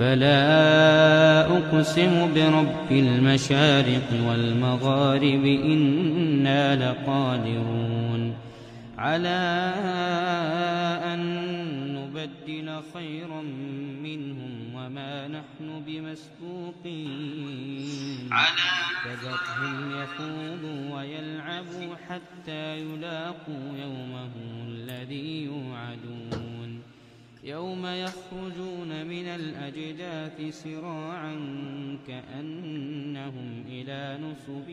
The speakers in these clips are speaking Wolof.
فلا أقسم برب المشارق والمغارب إنا لقادرون على أن نبدل خيرا منهم وما نحن بمسبوقين على فذرهم يخوضوا ويلعبوا حتى يلاقوا يومهم الذي يوعدون يوم يخرجون من الأجداث سراعا كأنهم إلى نصب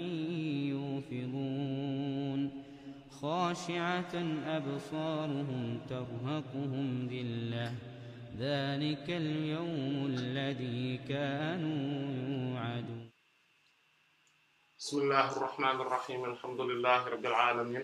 يوفضون خاشعة أبصارهم ترهقهم ذلة ذلك اليوم الذي كانوا يوعدون بسم الله الرحمن الرحيم الحمد لله رب العالمين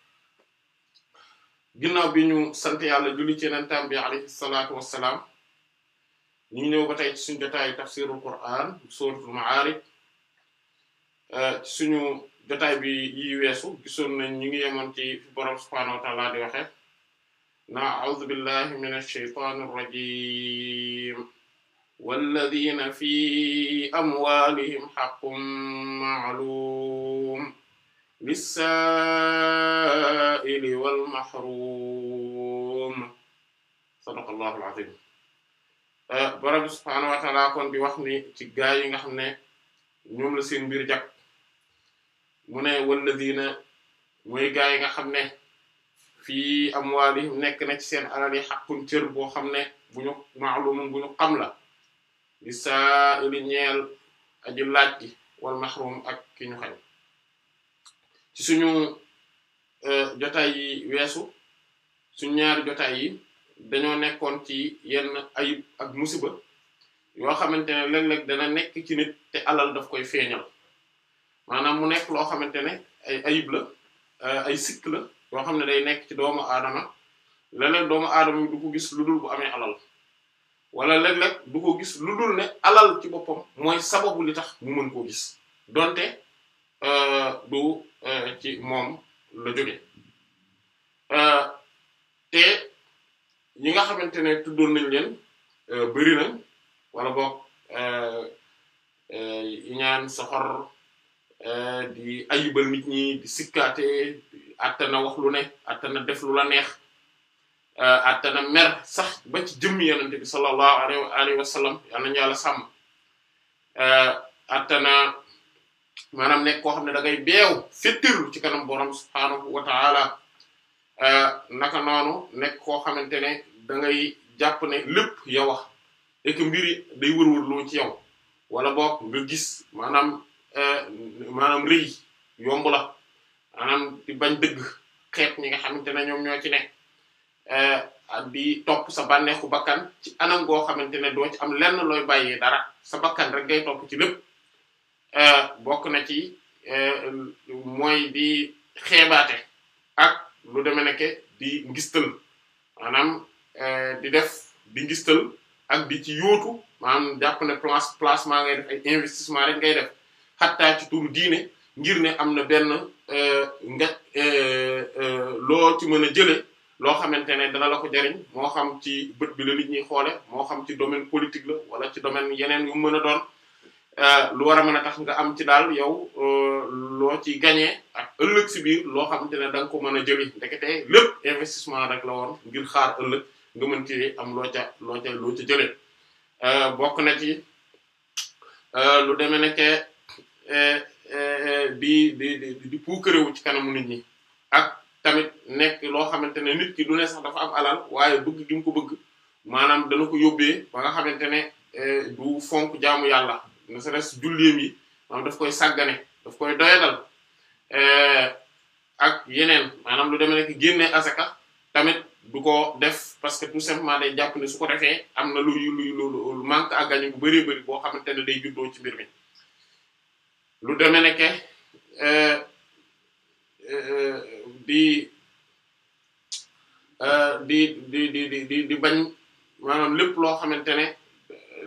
ginnaaw bi ñu sant yàlla julli ci yenentam bi alayhi salaatu wassalaam ñu ñëw ba tey ci suñu jotaayu tafsirul Qur'an suratul Ma'arij euh, ci suñu jotaay bi yi weesu gisoon nañ ñu ngi ci fi borom subhaanahu wa ta'ala di waxe na a'udhu billahi minash shaytanir rajim walladhina fi amwalihim haqqun ma'lum lissaa'ili wal mahruum sadaqallahu al-aziim eh, borom bi subhaanahu wa ta'aala kon di wax ni ci gaa yi nga xam ne ñoom la seen mbir jag mu ne walladiina mooy gaa yi nga xam ne fii amwaalihim nekk na ci seen alali yi haqqun cër boo xam ne bu ñu ma'luumun bu ñu xam la lissaa'ili ñeel aji laaj gi wal mahruum ak ki ñu xañ ci suñu euh, jotaay yi weesu suñu ñaari jotaay yi dañoo nekkoon ci yenn ayib ak musiba yoo xamante ne léeg-léeg dana nekk ci nit te alal daf koy feeñal maanaam mu nekk loo xamante ne ay ayib la euh, ay sikk la yoo xam ne day nekk ci doomu aadama léeg-léeg doomu aadama yi du ko gis lu dul bu amee alal wala léeg-léeg ko gis lu dul ne alal ci boppam mooy sababu li tax mu mën koo gis donte du euh, ci moom la jóge euh, te ñi nga xamante ne tuddoon nañ leen euh, bëri na wala boog ñaan soxor di ayibal nit ñi di sikkaate attana wax lu ne attana def la neex attana mer sax ba ci jëmmi yenente bi sallallahu alayhi wa sallam yal nañu yàlla maanaam nekk koo xam ne da ngay beew fettirlu ci kanam borom subhaanahu wa ta'ala eh, naka noonu nekk koo xamante ne da ngay jàpp ne lépp yow wax et que mbir yi day wërwër ci yow wala boog nga gis maanaam eh, maanaam rëy yomb maanaam bañ dégg xeet ñi nga xamante ne ñoom ñoo ci nekk eh, di topp sa bànneexu bakkan ci anam goo xamante ne doo ci am lenn looy bàyyee dara sa bakkan rek topp ci lépp. Euh, bokk na ci euh, mooy di xeebaate ak lu deme nekke di ngistal maanaam euh, di def di ngistal ak di ci yóotu maanaam jàpp ne place placement ngay def ay investissement rek ngay def xattaa ci turu diine ngir ne am na benn nga loo ci mën a jële loo xamante ne dana la ko jariñ moo xam ci bët bi la nit ñuy xoole moo xam ci domaine politique la wala ci domaine yeneen yu mën a doon Euh, lu war a tax nga am ci daal yow euh, loo ci gagné ak ëllëg si loo xamante ne da nga ko mën a jële ndekete lépp investissement rek la woon ngir xaar ëllëg nga mën ci am loo ca loo ca loo ca euh, bokk na ci lu demee ne que di di di puukarewu ci kanamu nit ñi ak tamit nekk loo xamante ne nit ki du ne sax dafa am alal waaye bëgg gi ko bëgg maanaam dana ko yóbbee ba nga xamante ne du fonk jaamu yàlla ne serait-ce julleem yi maanaam daf koy sàggane daf koy doyadal eh, ak yeneen maanaam lu demee nekk génne asaka tamit du ko def parce que tout simplement day jàpp ne su ko am na luy luy lu manque à gagner bu bëree boo xamante ne day juddoo ci mbir mi lu demee ne eh, eh, di di di bañ maanaam lépp loo xamante ne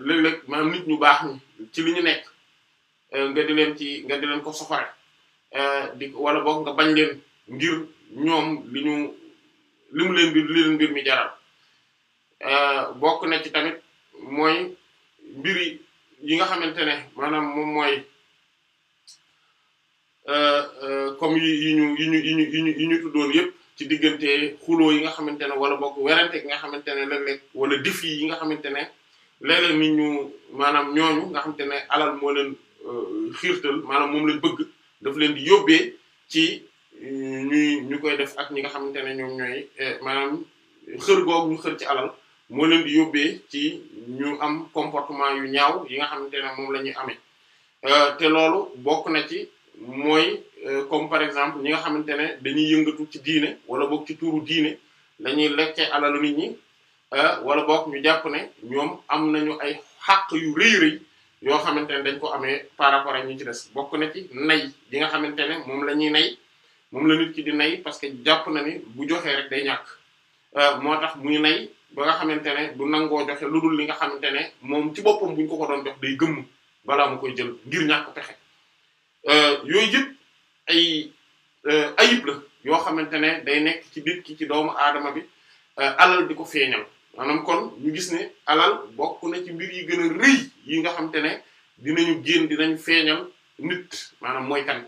léeg-léeg ñu baax ci li ñu nekk euh, nga di leen ci nga di leen ko soxore euh, di wala boog nga bañ leen ngir ñoom li ñu li mu leen mbir li leen mbir mi jaral euh, bokk na ci tamit mooy mbiri yi nga xamante ne moom mooy comme yi yi ñu yi ñu yi ñu yi ñu tuddoon yépp ci diggante xuloo yi nga xamante ne wala bokk werante yi nga xamante ne léeg wala défi yi nga xamante ne léeg-léeg nit ñu maanaam ñooñu nga xam te ne alal moo leen euh, xiirtal maanaam moom lañ bëgg daf leen di yóbbee ci euh, ñuy ñu koy def ak ñi nga xamante ne ñoom ñooy euh, maanaam xër googu ci alal moo yóbbee ci ñu am comportement yu ñaaw yi nga xamante ne moom la ñuy amee te loolu bokk na ci mooy comme par exemple ñi nga xamante ne dañuy yëngatu ci diine wala bokk ci tuuru diine lañuy lekkee alalu nit ñi Euh, wala boog ñu jàpp ne ñoom am nañu ay xàq yu rëy rëy yoo xamante ne dañ ko amee par rapport ak ñi ci bokk na ci nay yi nga xamante ne moom la ñuy nay moom la nit ki di nay parce que jàpp na ni bu joxee rek day ñàkk euh, moo tax muy nay ba nga xamante ne du nangoo joxe lu li nga xamante ne moom ci boppam bu ñu ko ko doon day gëmm balaa mu koy jël ngir ñàkk pexe euh, yooyu yëpp ay ayib yoo xamante ne day nekk ci nit ki ci doomu aadama bi alal di ko feeñal maanaam kon ñu gis ne alal bokk na ci mbir yi gën a rëy yi nga xam te ne dinañu génn dinañu feeñal nit maanaam mooy kan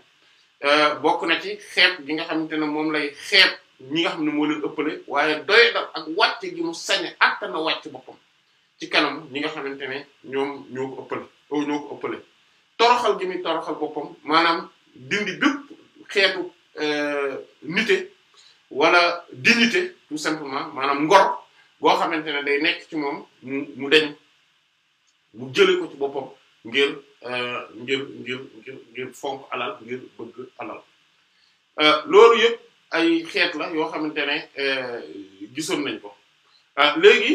euh, bokk na ci xeeb gi nga xamante ne moom lay xeeb ñi nga xam ne moo leen ëppale waaye doy ak wàcc gi mu sañe attana wàcc boppam ci kanam ñi nga xamante ne ñoom ñoo ko ëppale euh, ñoo ko ëppale toroxal gi muy toroxal boppam maanaam dindi bépp xeetu euh, nite wala dignité tout simplement maanaam ngor boo xamante ne day nekk moom mu mu mu jëlee ko boppam euh, ngir ngir ngir ngir fonk alal ngir bëgg alal euh, loolu yëpp ay xeet la yoo xamante ne euh, gisoon nañ ko léegi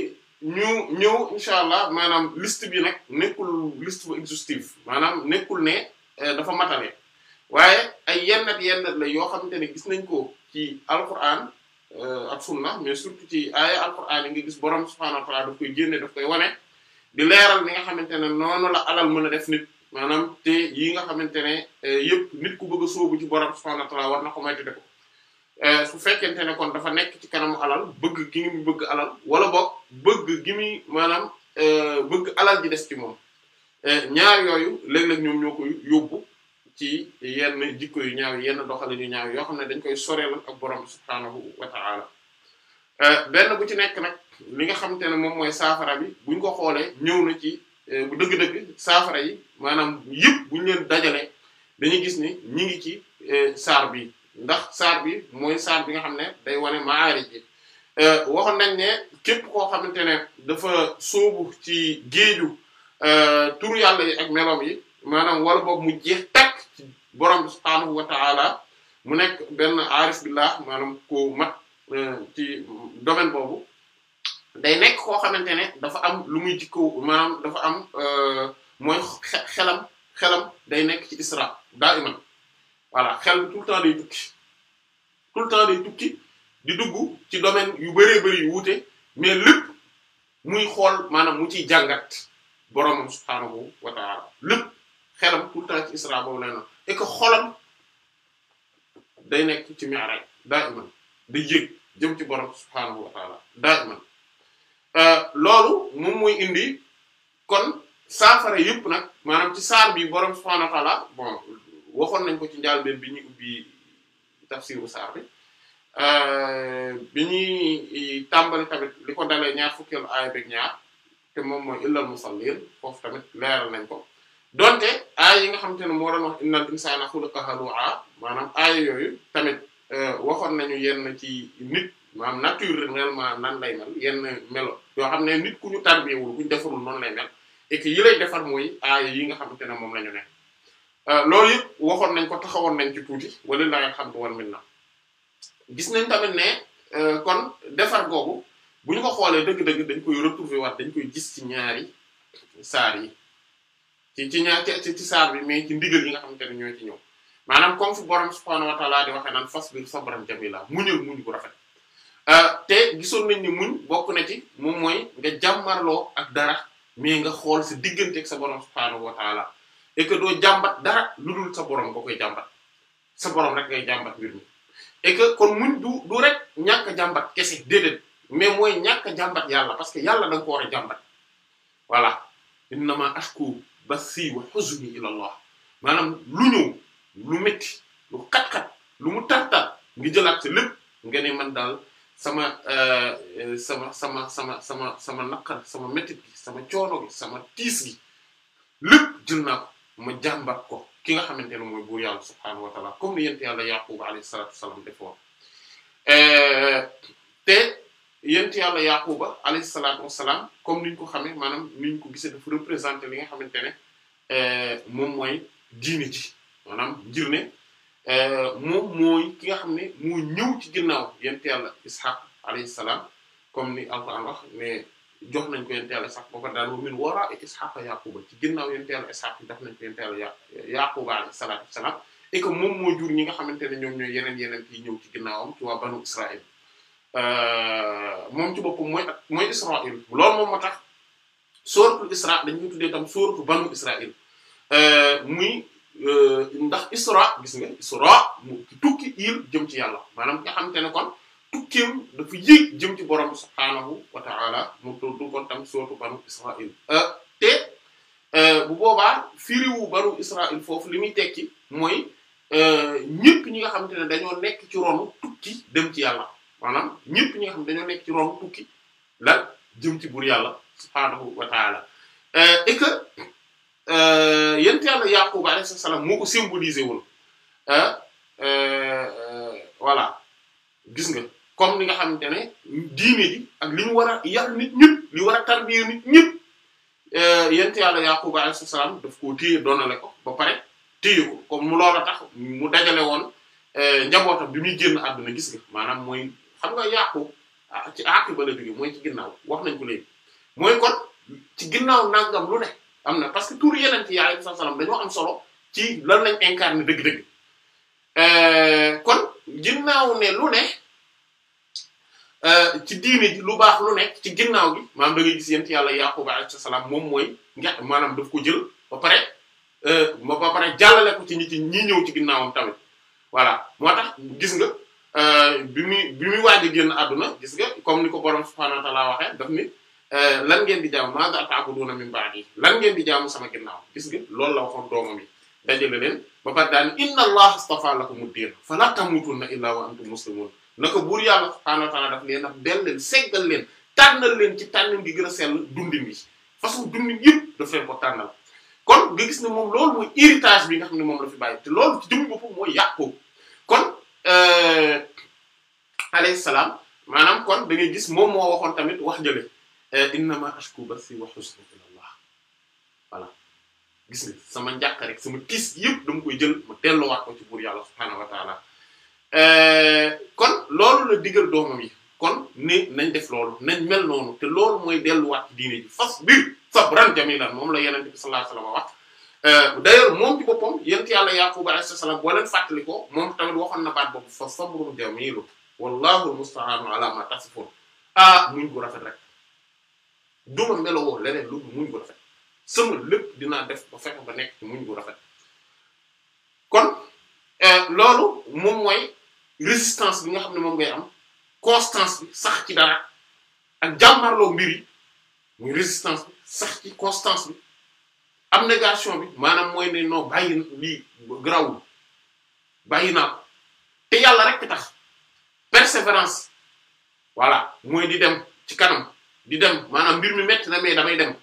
ñu ñëw incha allah maanaam liste bi nag nekkul liste bu exhaustive maanaam nekkul ne dafa matale waaye ay yenn ak yenn la yoo xamante ne gis nañ ko ci alquran Euh, ak sunna mais surtout ci aaya alquran yi nga gis borom subhaanahu wa ta'ala daf koy génne daf koy wane di leeral li nga xamante ne noonu la alal mën a def nit maanaam te yi nga xamante ne euh, yëpp nit ku bëgg a ci borom subhaanahu wa ta'ala war na ko moytu de ko euh, su fekkente ne kon dafa nekk ci kanamu alal bëgg gi muy bëgg alal wala boog bëgg gi muy maanaam bëgg alal ji des ci moom ñaar yooyu léeg-léeg ñoom ñoo koy yóbbu. ci yenn jikko yu ñaaw yenn doxalin yu ñaaw yoo xam ne dañ koy soree sorewul ak borom subhaanahu wa ta'ala euh, benn bu ci nekk nag li nga xamante ne moom mooy saafara bi buñ ko xoolee ñëw na ci euh, bu dëgg-dëgg saafara yi maanaam yëpp buñ leen dajale dañu gis ni ñi ngi ci euh, saar bi ndax saar bi mooy saar bi nga xam ne day wane maari ji waxoon nañ ne képp koo xamante ne dafa sóobu ci géeju turu yàlla yi ak meloom yi maanaam wala boog mu jeex takk ci borom subhaanahu wa ta'ala mu nekk benn aarif billah maanaam ku mat euh, ci domaine boobu day nekk koo xamante ne dafa am lu muy ci jikko maanaam dafa am euh, mooy xelam xelam day nekk ci isra daa iman voilà xel tout le temps day tukki tout day tukki di dugg ci domaine yu bëree bëri yu wuute mais muy xool maanaam mu ciy jàngat borom subhaanahu wa ta'ala xelam tout le temps ci isra boobu lay noonu et que xolam day nekk ci mi'raj daiman day yëg jëm ci borom subhaanahu wa taala euh, loolu moom mooy indi kon saafara yëpp nag maanam ci saar bi borom subhaanahu wa waxoon nañ ko ci njàlbéen bi ñu ubbi tafsiru saar bi euh, bi ñuy tàmbali tamit li ko dalee ñaar fukkeelu aaya beeg ñaar te moom mooy illal musallin foofu tamit leeral nañ ko donte aay yi nga xamante ne moo doon wax innal insana xuliqa halu'a maanaam aay yooyu tamit euh, waxoon nañu yenn ci nit maanaam naturellement nan lay mel yenn melo yoo xam ne nit ku ñu tarbiyewul ku ñu defarul noonu lay mel et yi lay defar mooy aay yi nga xamante ne moom la ne euh, loolu it waxoon nañ ko taxawoon nañ ci tuuti wala xam nga xam wal na gis nañ tamit ne euh, kon defar googu bu ñu ko xoolee dëgg-dëgg dañ koy retrouver waat dañ koy gis ci ñaari saar yi ci ci ñaar ci ci saar bi mais ci ndigal yi nga xamante ne ñoo ci ñëw maanaam comme fu borom subhaanahu wa ta'aala di waxee naan fasbir sabran jamila muñal muñ bu rafet euh, te gisoon nañ ni muñ bokk na ci moom mooy nga jàmmarloo ak dara mais nga xool si diggante ak sa borom subhaanahu wa ta'aala et doo jàmbat dara lu dul sa borom nga koy jàmbat sa borom rek ngay jàmbat mbir mi et kon muñ du du rek ñàkk jàmbat kese déedéet mais mooy ñàkk a jàmbat yàlla parce que yàlla da nga ko war a jàmbat voilà innama ashku bassi wa huzni ila Allah maanaam lu ñëw lu métti lu kat lu mu tartar ngi jëlaat sa lépp nga man daal sama euh, sama sama sama sama sama naqar sama métti sama coono sama tiis gi lépp jël naa ko ma jàmbat ko ki nga xamante ne mooy buur yàlla subhaanahu wa ta'ala comme ni yent yàlla yaqub alayhi salatu wasalam yent yàlla yaquba alayhi salaatu wassalaam comme niñ ko xamee maanaam niñ ko gisee dafa représenter li nga xamante ne euh, moom mooy diine ji maanaam ngir ne euh, moom mooy ki nga xam ne moo ñëw ci ginnaaw yent yàlla ishaq alayhi salaam comme ni alquran wax ne nañ ko yent yàlla ishaq boo ko daan wa min wara yaquba ci ginnaaw yent yàlla ishaq jox nañ ko yent yàlla yaquba alayhi salaatu wassalaam et que jur ñi nga xamante ne ñoom ñooy yeneen yeneen yi ñëw ci ginnaawam ci waa banu israil Euh, moom ci boppam mooy ak mooy Israël loolu moom moo tax sóoratul Isra dañuy tuddee tam sóoratu banu Israël euh, muy euh, ndax Isra gis nga Isra mu tukki il jëm ci yàlla maanaam nga xam te ne kon tukkeem dafa yéeg jëm ci borom subhaanahu wa ta'ala mu tuddu kon tam sóoratu banu Israël te bu boobaa firiwu banu Israël foofu li muy tekki mooy ñëpp ñi nga xam te ne dañoo nekk ci ronu tukki dem ci yàlla. maanaam ñëpp ñi nga dañoo nekk tukki la jëm ci buur yàlla subhaanahu wa taala euh, que euh, yent yàlla yaqub alayhi salaam moo ko symbolisé woon euh, voilà gis nga comme li nga xamante ne diine ji ak li ñu war a yar nit ñëpp li war a tarbiya nit ñëpp yent yàlla yaqub alayhi salaam daf koo téye doonale ko ba pare téye ko comme mu loola tax mu dajale woon njabootam bi muy génn àdduna gis maanaam mooy xam nga yaqub ah, ci aqiba la jóge mooy ci ginnaaw wax nañ ko léegi mooy kon ci ginnaaw nangam lu ne am na parce que tur yeneen ci yàlla sa alayhi wasallam dañoo am solo ci lan lañ incarné dëgg-dëgg euh, kon ginnaaw ne lu ne euh, ci diini lu baax lu nekk ci ginnaaw gi maanaam da ngay gis yent yàlla yaqub alayhi salaam moom mooy nga maanaam daf ko jël ba pare euh, ba pare jàllale ci ñi ci ñi ñëw ci ginnaawam tamit voilà moo tax gis nga Euh, bi muy bi muy waaj a génn àdduna gis nga comme ni ko borom subhaanahu wa ta'aala waxee daf ni euh, lan ngeen di jaamu maa ta'buduuna min ba'dii lan ngeen di jaamu sama ginnaaw gis lool la waxoon doomam yi dajale leen ba pare daal inna allaha istafaa lakumu diin falaa tamuutunna illaa wa antum muslimuun naka buur yàlla subhaanahu wa daf leen daf del leen seggal leen tànnal leen ci tànnin gi gën a sell dundin bi façon dundin yëpp daf leen tànnal kon nga gis ne moom bi nga xam ne moom la fi bàyyi te loolu ci alayhi salaam maanaam kon da ngay gis moom moo waxoon tamit wax jële eh, innama ashku bathi wa husni ila Allah voilà gis nga sama njàq rek sama tiis yëpp dama koy jël ma delluwaat ko ci buur yàlla subhaanahu wa eh, kon loolu la digal doomam yi kon ni nañ def loolu nañ mel noonu te loolu mooy delluwaat ci diine ji fas biir sabran jamilan moom la yenente bi sallallahu alayhi wasallam wax eh, d'ailleurs moom ci boppam yent yàlla Yaqub alayhi salaam boo fàttali ko moom tamit waxoon na baat boobu wallahu almustaanu ala ma tasifun ah muñ bu rafet rek duma melowoo leneen lu muñ gu rafet sama lépp dinaa def ba fexe ba nekk ci muñ gu rafet kon e, loolu moom mooy résistance bi nga xam ne moom ngay am constance bi sax ci dara ak jàmmarloo mbir yi muy résistance bi sax ci constance bi am négation bi maanaam mooy ne non bàyyi lii grawul bàyyi naa ko te yàlla rek tax persévérance voilà mooy di dem ci kanam di dem maanaam mbir mi metti na mais damay dem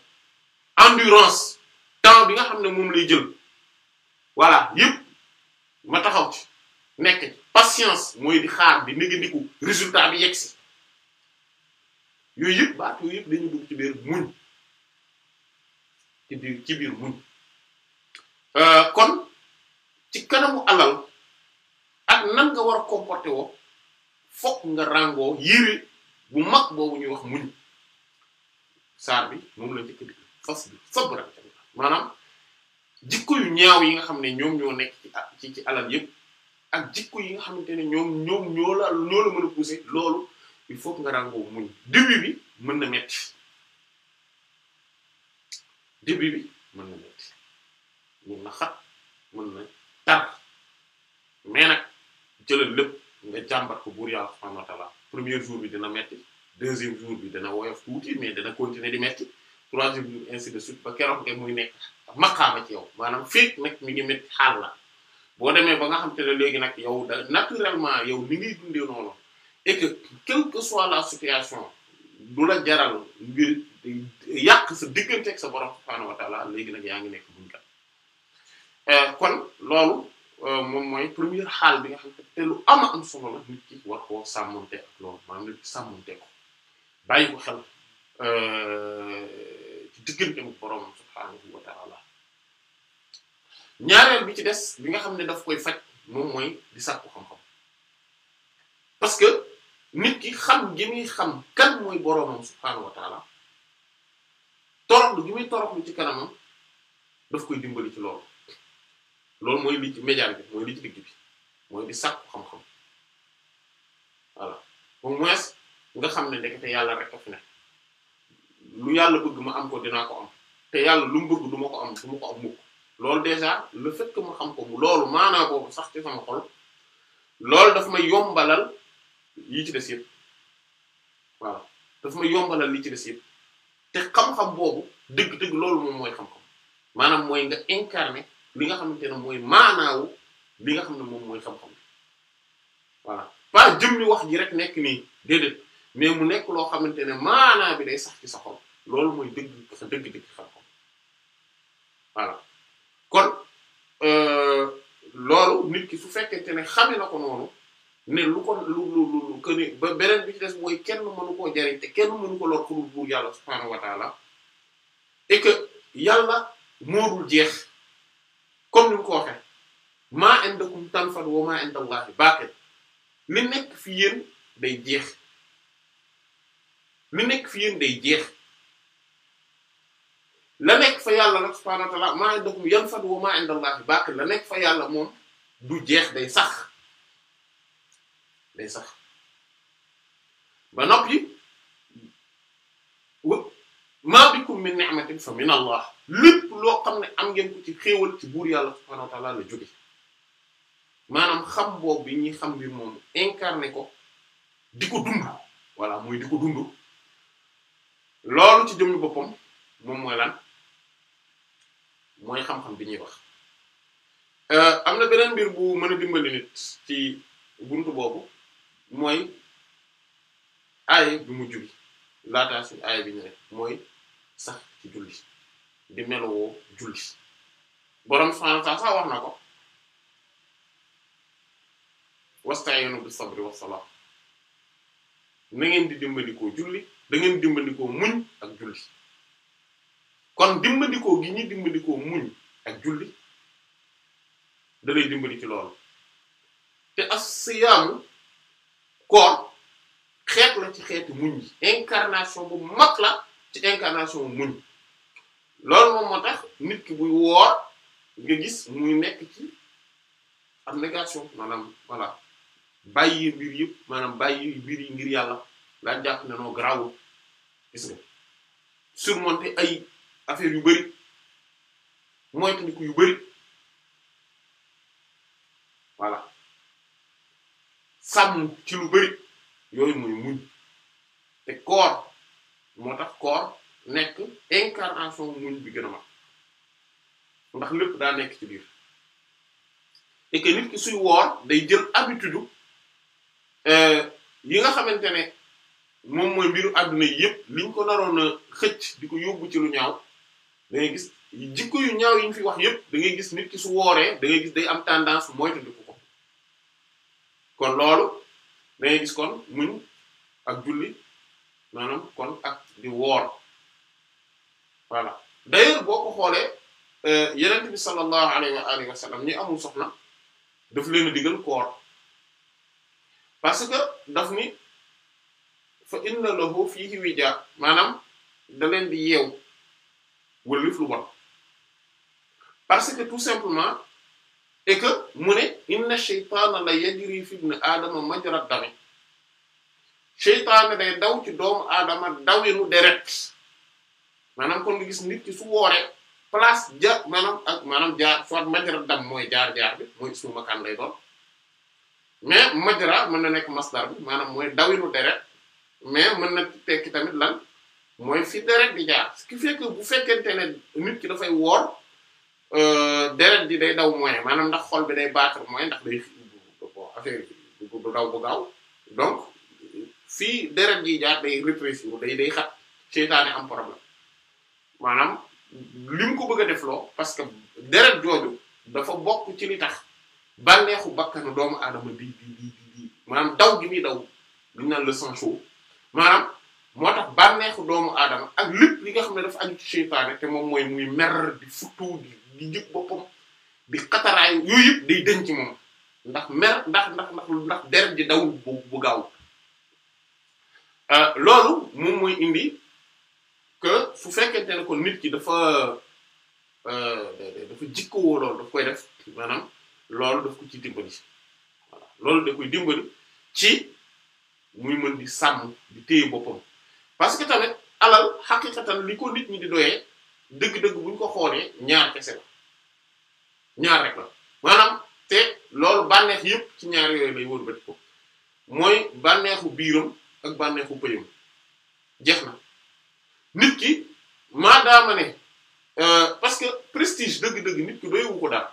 endurance temps bi nga xam ne moom lay jël voilà yëpp ma taxaw ci nekk patience mooy di xaar di négandiku résultat bi yegsi yooyu yëpp baat yooyu yëpp dañu dugg ci biir muñ ci biir ci euh, kon ci kanamu alal ak nan nga war a comporter woo fokk nga ràngoo yére bu mag boobu ñuy wax muñ saar bi moom la njëkk di fas bi sabran jamila maanaam jikko yu ñaaw yi nga xam ne ñoom ñoo nekk ci ci alal yépp ak jikko yi nga xamante ne ñoom ñoom ñoo la ñoo mën a pousser loolu il faut nga ràngoo muñ début bi mën na metti début bi mën na metti mën xat mën na tar mais nag jëlal lépp nga jàmbat ko buur yàlla subhaanahu wa ta'aala premier jour bi dina metti deuxième jour bi dana woyof tuuti mais dana continuer di metti troisième jour ainsi de suite ba keroog rek muy nekk maqaama ci yow maanaam féeg nag mi ngi metti xaal la boo demee ba nga xam te léegi nag yow da naturellement yow mi ngiy dundee noonu et que quelle que soit la situation du la jaral ngir yàq sa diggante ak sa borom subhaanahu wa léegi nag yaa ngi nekk buñ kat euh, kon loolu Euh, moom mooy première xaal bi nga xam te lu ama am solo la nit ki war koo sàmmonte ak loolu maanaam nit ki sàmmonte ko bàyyi ko xel euh, ci diggante mu borom subhaanahu wa ñaareel bi ci des bi nga xam ne daf koy faj moom mooy di sàkku xam-xam parce que nit ki xam gi muy xam kan mooy boromam subhaanahu wa ta'ala toroxlu gi muy toroxlu ci kanamam daf koy dimbali ci loolu loolu mooy li ci médiane bi mooy li ci digg bi mooy di sàkku xam-xam voilà au moins nga xam ne ndekete yàlla rek a fi lu yàlla bëgg ma am ko dinaa ko am te yàlla lu mu bëgg du ma ko am du ma ko am mukk loolu déjà le fait que ma xam ko bu loolu maanaa boobu sax ci sama xol loolu daf may yombalal yi ci des waaw voilà daf yombalal li ci des te xam-xam boobu dëgg-dëgg loolu moom mooy xam-xam maanaam mooy nga incarner li nga xamante ne mooy maanaawu bi nga xam ne moom mooy xam-xam voilà pas jëmmi wax ji rek nekk nii déedéet mais mu nekk loo xamante ne maanaa bi day sax ci sa xol loolu mooy dëgg sa dëgg-dëgg xam-xam voilà kon euh, loolu nit ki su fekkente ne xame na ko noonu ne lu ko lu lu lu que ba beneen bi ci des mooy kenn mënu koo jariñ te kenn mënu ko lor ku dul buur yàlla subhaanahu wa taala et que yàlla jeex comme ni mu ko waxee maa indakum tanfad wa maa indallahi baaqin li nekk fi yéen day jeex li nekk fi yéen day jeex la nekk fa yàlla nag subhaanahu wa ta'aala maa indakum yanfad wa maa indallahi baaqin la nekk fa yàlla moom du jeex day sax day sax ba noppi. maa bikum min ni'matin fa min Allah lépp loo xam ne am ngeen ko ci xéewal ci buur yàlla subhaanahu wa ta'aala la jóge maanaam xam boobu bi ñuy xam bi moom incarné ko di ko dund voilà mooy di ko dund loolu ci jëmmi boppam moom mooy lan mooy xam-xam bi ñuy wax euh, am na beneen mbir bu mën a dimbali nit ci buntu boobu mooy aaya bi mujj bi laataasi aaya bi ñu rek mooy sax ci julli di melowoo julli boroom subhaanahu wa sax wax na ko wasta'inu bis sabri was na ngeen di dimbandikoo julli dangeen ngeen dimbandikoo muñ ak julli kon dimbandikoo gi ñuy dimbandikoo muñ ak julli da lay dimbali ci loolu te as-siyaam koor xeet la ci xeeti muñ yi incarnation bu mag la ci incarnation muñ loolu moom moo tax nit ki buy woor nga gis muy nekk ci abnégation maanaam voilà bàyyi mbir yëpp mbir yi ngir yàlla daa jàpp ne noo garaawul gis surmonter ay affaire yu bari moytandiku yu bari voilà sàmm ci lu bari yooyu mooy muñ te koor moo tax koor nekk incarnation muñ bi gën a mag ndax lépp daa nekk ci biir et nit ki suy woor day jël habitude euh, yi nga xamante ne moom mooy mbiru àdduna yépp liñ ko naroon a xëcc di ko yóbbu ci lu ñaaw da ngay gis jikko yu ñaaw yi ñu fi wax yëpp da ngay gis nit ki su wooree dangay gis day am tendance moytu di ko kon loolu da gis kon muñ ak julli maanaam kon ak di woor voilà d'ailleurs boo ko xoolee euh, yenent bi sallallahu alayhi wa alihi wa sallam ñi amul soxna daf leen a digal koor parce que daf ni fa inna lahu fihi wija maanaam da leen di yeew wëllif lu bon parce que tout simplement et mu ne inna shaytaana la yajri fi ibn aadama majra seytaane day daw ci doomu aadama dawinu deret maanaam kon nga gis nit ki su wooree place ja maanaam ak maanaam jaar soit majra dam mooy jaar-jaar bi mooy ismu makaan lay doon mais majra mën na nekk masdar maanaam mooy dawinu deret mais mën na tekki tamit lan mooy fi deret di jaar ce qui fait que bu fekkente ne nit ki dafay woor euh, deret di day daw moyen maanaam ndax xol bi day battre moyen ndax day affaire bi du daw bu gaaw donc fii deret ji jaar day rétrécir day day xat seytaane am problème maanaam li mu ko bëgg a def loo parce que deret jooju dafa bokk ci li tax bànneexu bakkanu doomu aadama bi bi bi maanaam daw gi muy daw lu na naan le sang chaud maanaam moo tax bànneexu doomu aadama ak lépp li nga xam ne daf aju ci seytaane te moom mooy muy mer di futtu di di jëg boppam di xataraayu yooyu yëpp day denc moom ndax mer ndax ndax ndax ndax deret ji daw bu gaaw Euh, loolu moom mooy indi que fu fekkente ne kon nit ki dafa euh, dafa jikkowoo loolu daf koy def maanaam loolu daf ko ci dimbali loolu da koy dimbali ci muy mën di sàmm di téye boppam parce que tamit alal xaqiqatan li ko nit ñi di doyee dëgg-dëgg buñ ko xoolee ñaar kese la ñaar rek la maanaam te loolu bànneex yépp ci ñaar yooyu lay wër bët ko mooy bànneexu biiram ak bànneexu pëyam jeex na nit ki maadaama ne euh, parce que prestige dëgg-dëgg nit ki doywu ko daal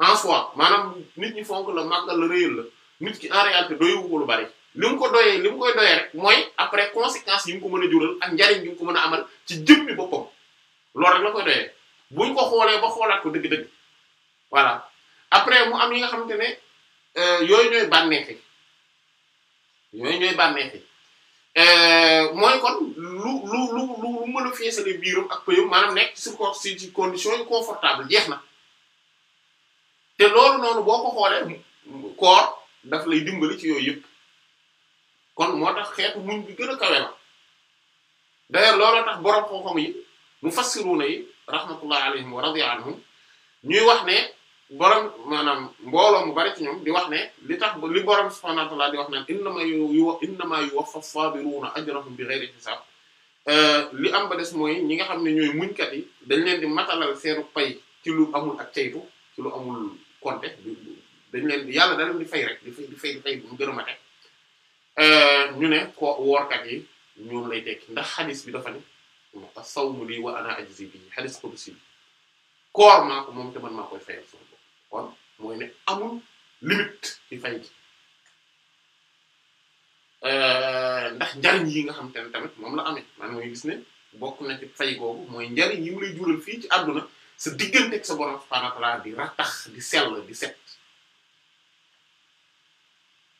en soi maanaam nit ñi fonk la màggal la réyal la nit ki en réalité doywu ko lu bari li mu ko doyee li mu koy doyee rek mooy après conséquence yi mu ko mën a jural ak njariñ yi mu ko mën a amal ci jëmmi boppam loolu rek la koy doyee buñ ko xoolee ba xoolaat ko dëgg-dëgg voilà après mu am yi nga xamante ne euh, yooyu ñooy bànneexe ñooy ñooy bànneex yi euh, mooy kon lu lu lu lu mën a feesale biiram ak pëyam maanaam nekk ci ko ci condition yu confortable jeex na te loolu noonu boo ko xoolee koor daf lay dimbali ci yooyu yëpp kon moo tax xeetu muñ bi gën a kawe la d'ailleurs looloo tax borom xam yi mu fassiruna yi rahmatullah alayhim wa radiya anhum ñuy wax ne borom maanaam mbooloo mu bari ci ñoom di wax ne li tax li borom subhaanahu wa di wax naan innamaa yu innamaa yuwaffa as-saabiruuna ajrahum bighayri hisaab euh, li am ba des mooy ñi nga xam ne ñooy muñkat yi dañ leen di matalal seenu pay ci lu amul ak caytu amul compte leen yàlla da di fay rek di fay di fay bu mu gën euh, ñu ne ko woorkat yi ñoom lay tekki ndax xadis bi dafa ne as-sawmu lii wa ana ajzi bihi xadis qudsi koor maa moom te man maa koy fayal so kon mooy ne amul limite ci fay gi euh, ndax njariñ yi nga xam te tamit moom la amee man mooy gis ne bokk na ci fay googu mooy njariñ yi mu lay jural fii ci àdduna sa diggante ak sa borom subhanahu wa di rattax di sell di set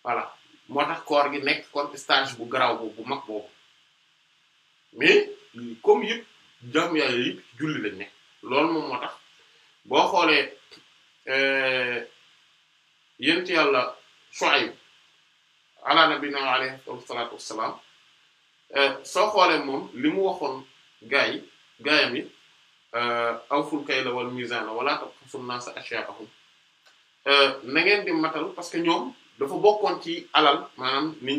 voilà moo tax koor gi nekk kon stage bu garaaw boobu bu mag boobu mais comme yëpp jaamu yàlla yëpp julli lañ ne loolu moom moo tax boo xoolee Eh, yent yàlla Shuayb ala nabina alayhi salaatu wassalaam eh, soo xoolee moom li mu waxoon gaa yi gaayam yi eh, awful kayla wal mizaana wala naa sa ashyaa'ahum na nangeen di matal parce que ñoom dafa bokkoon ci alal maanaam ni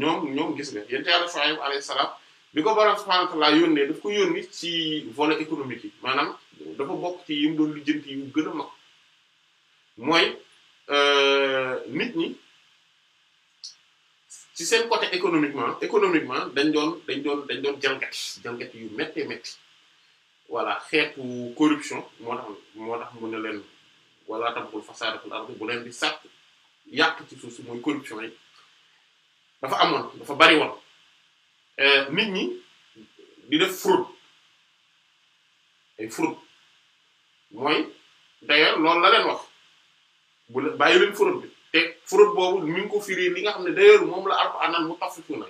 ñoom ñoom gis nga yent yàlla Shuayb alayhi salaam bi ko borom subhaanahu wa ta'aala yónnee daf ko yónni ci volet économique yi maanaam dafa bokk ci yim doon lijjanti yu gën a mag mooy euh, nit ñi ci seen côté économiquement économiquement dañ doon dañ doon dañ doon jalgati jalgati yu métti métti voilà xeetu corruption moo tax moo mu ne leen wala tamxul fasaadatul ardi bu leen di sàkk yàq ci suuf si mooy corruption yi dafa amoon dafa bari woon euh, nit ñi di def fraude ay fraude mooy d'ailleurs loolu la leen wax bu leen bàyyi leen fraude bi te fraude boobu mi ngi ko firi li nga xam ne d'ailleurs moom la Alxuraan naan mutaffifuuna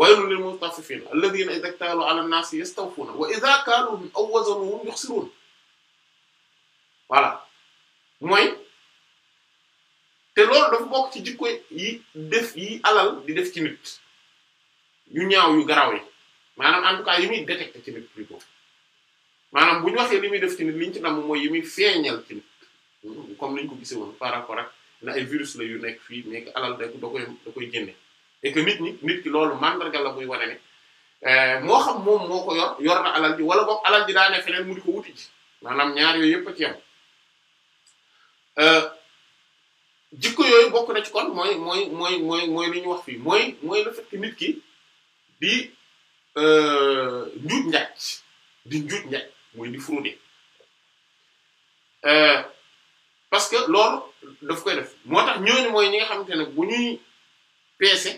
waylun lil mutaffifiina allaziina izaa ktaaluu ala nnaasi yastawfuuna wa izaa kaaluuhum aw wazanuhum yuxsiruun voilà mooy te loolu dafa bokk ci jikko yi def yi alal di def ci nit yu ñaaw yu garaaw yi maanaam en yi muy détecté ci nit plutôt maanaam bu ñu waxee li muy def ci nit li ñu ci nam mooy yi muy feeñal ci nit comme nañ ko gisee woon par rapport ak na ay virus la yu nekk fii mais que alal da da koy da koy génne et nit ñi nit ki loolu mandarga la muy wane ne euh, moo xam moom moo ko yor na alal ji wala boog alal ji daa ne feneen mu di ko wuti ji maanaam ñaar yooyu yëpp a ci yam euh, jikko yooyu bokk na ci kon mooy mooy mooy mooy mooy li ñu wax fii mooy mooy le fait que nit ki di euh, njuuj njaaj di njuuj njaaj mooy di frauder parce que loolu daf koy def moo tax ñooñu mooy ñi nga xamante ne bu ñuy peese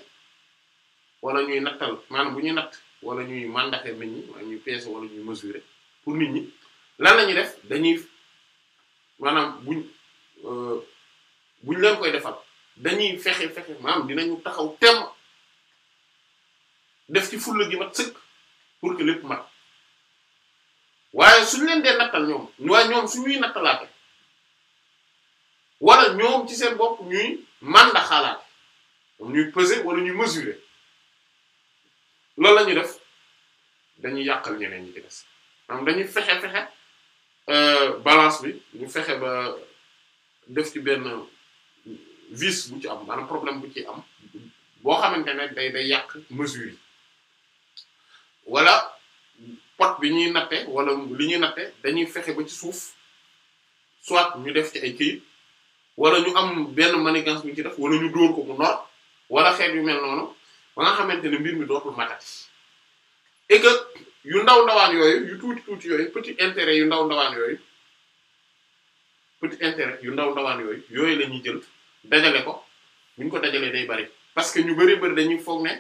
wala ñuy nattal maanaam bu ñuy natt wala ñuy mandaxe nit ñi maanaam ñuy peese wala ñuy mesurer pour nit ñi lan la ñuy def dañuy maanaam buñ euh, buñ leen koy defal dañuy fexe fexe maanaam dinañu taxaw temm def ci fulla gi mat sëkk pour que lépp mat waaye suñ leen dee nattal ñoom waaye ñoom suñuy nattalaate wala ñoom ci seen bopp ñuy manda xalaat ñuy peser wala ñuy mesurer loolu la ñuy def dañuy yàqal ñeneen ñi ci des maanaam dañuy fexe fexe euh, balance bi ñu fexe ba def ci benn vice bu ci am maanaam problème bu ci am boo xamante ne day day yàq mesure yi wala pot bi ñuy natte wala li ñuy natte dañuy fexe ba ci suuf soit ñu def ci ay kayit wala ñu am benn manigance bu ci def wala ñu dóor ko bu nor wala xeet yu mel noonu ba nga xamante ne mbir mi dootul matati et yu ndaw ndawaan yooyu yu tuuti tuuti yooyu petit intérêt yu ndaw ndawaan yooyu petit yu ndaw ndawaan yooyu yooyu la ñuy jël dajale ko bu ko dajalee day bari parce que ñu bari bari dañuy foog ne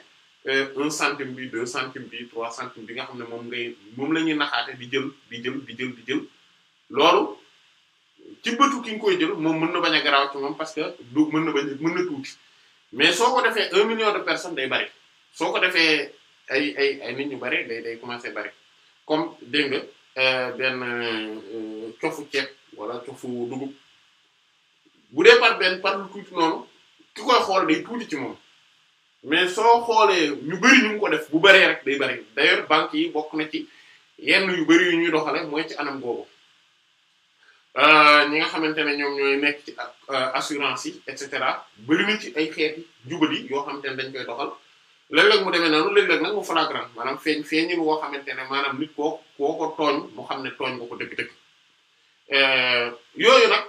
euh, un centime bi deux centimes bi trois centimes bi nga xam ne moom ngay moom la ñuy naxaate di jël di jël di jël di jël loolu ci bëtu ki nga koy jël moom mën na bañ a garaaw ci moom parce que du mën na bañ mën na tuuti mais soo ko defee un million de personnes day bari soo ko defee ay ay ay nit ñu bari day day commencer bari comme dégg nga euh, benn euh, cofu ceeb wala cofu dugub bu dee par benn par lu tuuti noonu ki koy xool day tuuti ci moom mais soo xoolee ñu bari ñu ngi ko def bu baree rek day bari d'ailleurs banques yi bokk na ci yenn yu bari yu ñuy doxale mooy ci anam boobu Euh, ñi nga xamante ne ñoom ñooy nekk ci euh, assurance yi et cetera bari na ci ay xeeti jubali yoo xamante ne dañ koy doxal léeg-léeg mu demee noonu léeg-léeg nag mu flagrant maanaam feeñ feeñil woo xamante ne maanaam nit koo koo ko tooñ mu xam ne tooñ nga ko dëgg-dëgg euh, yooyu nag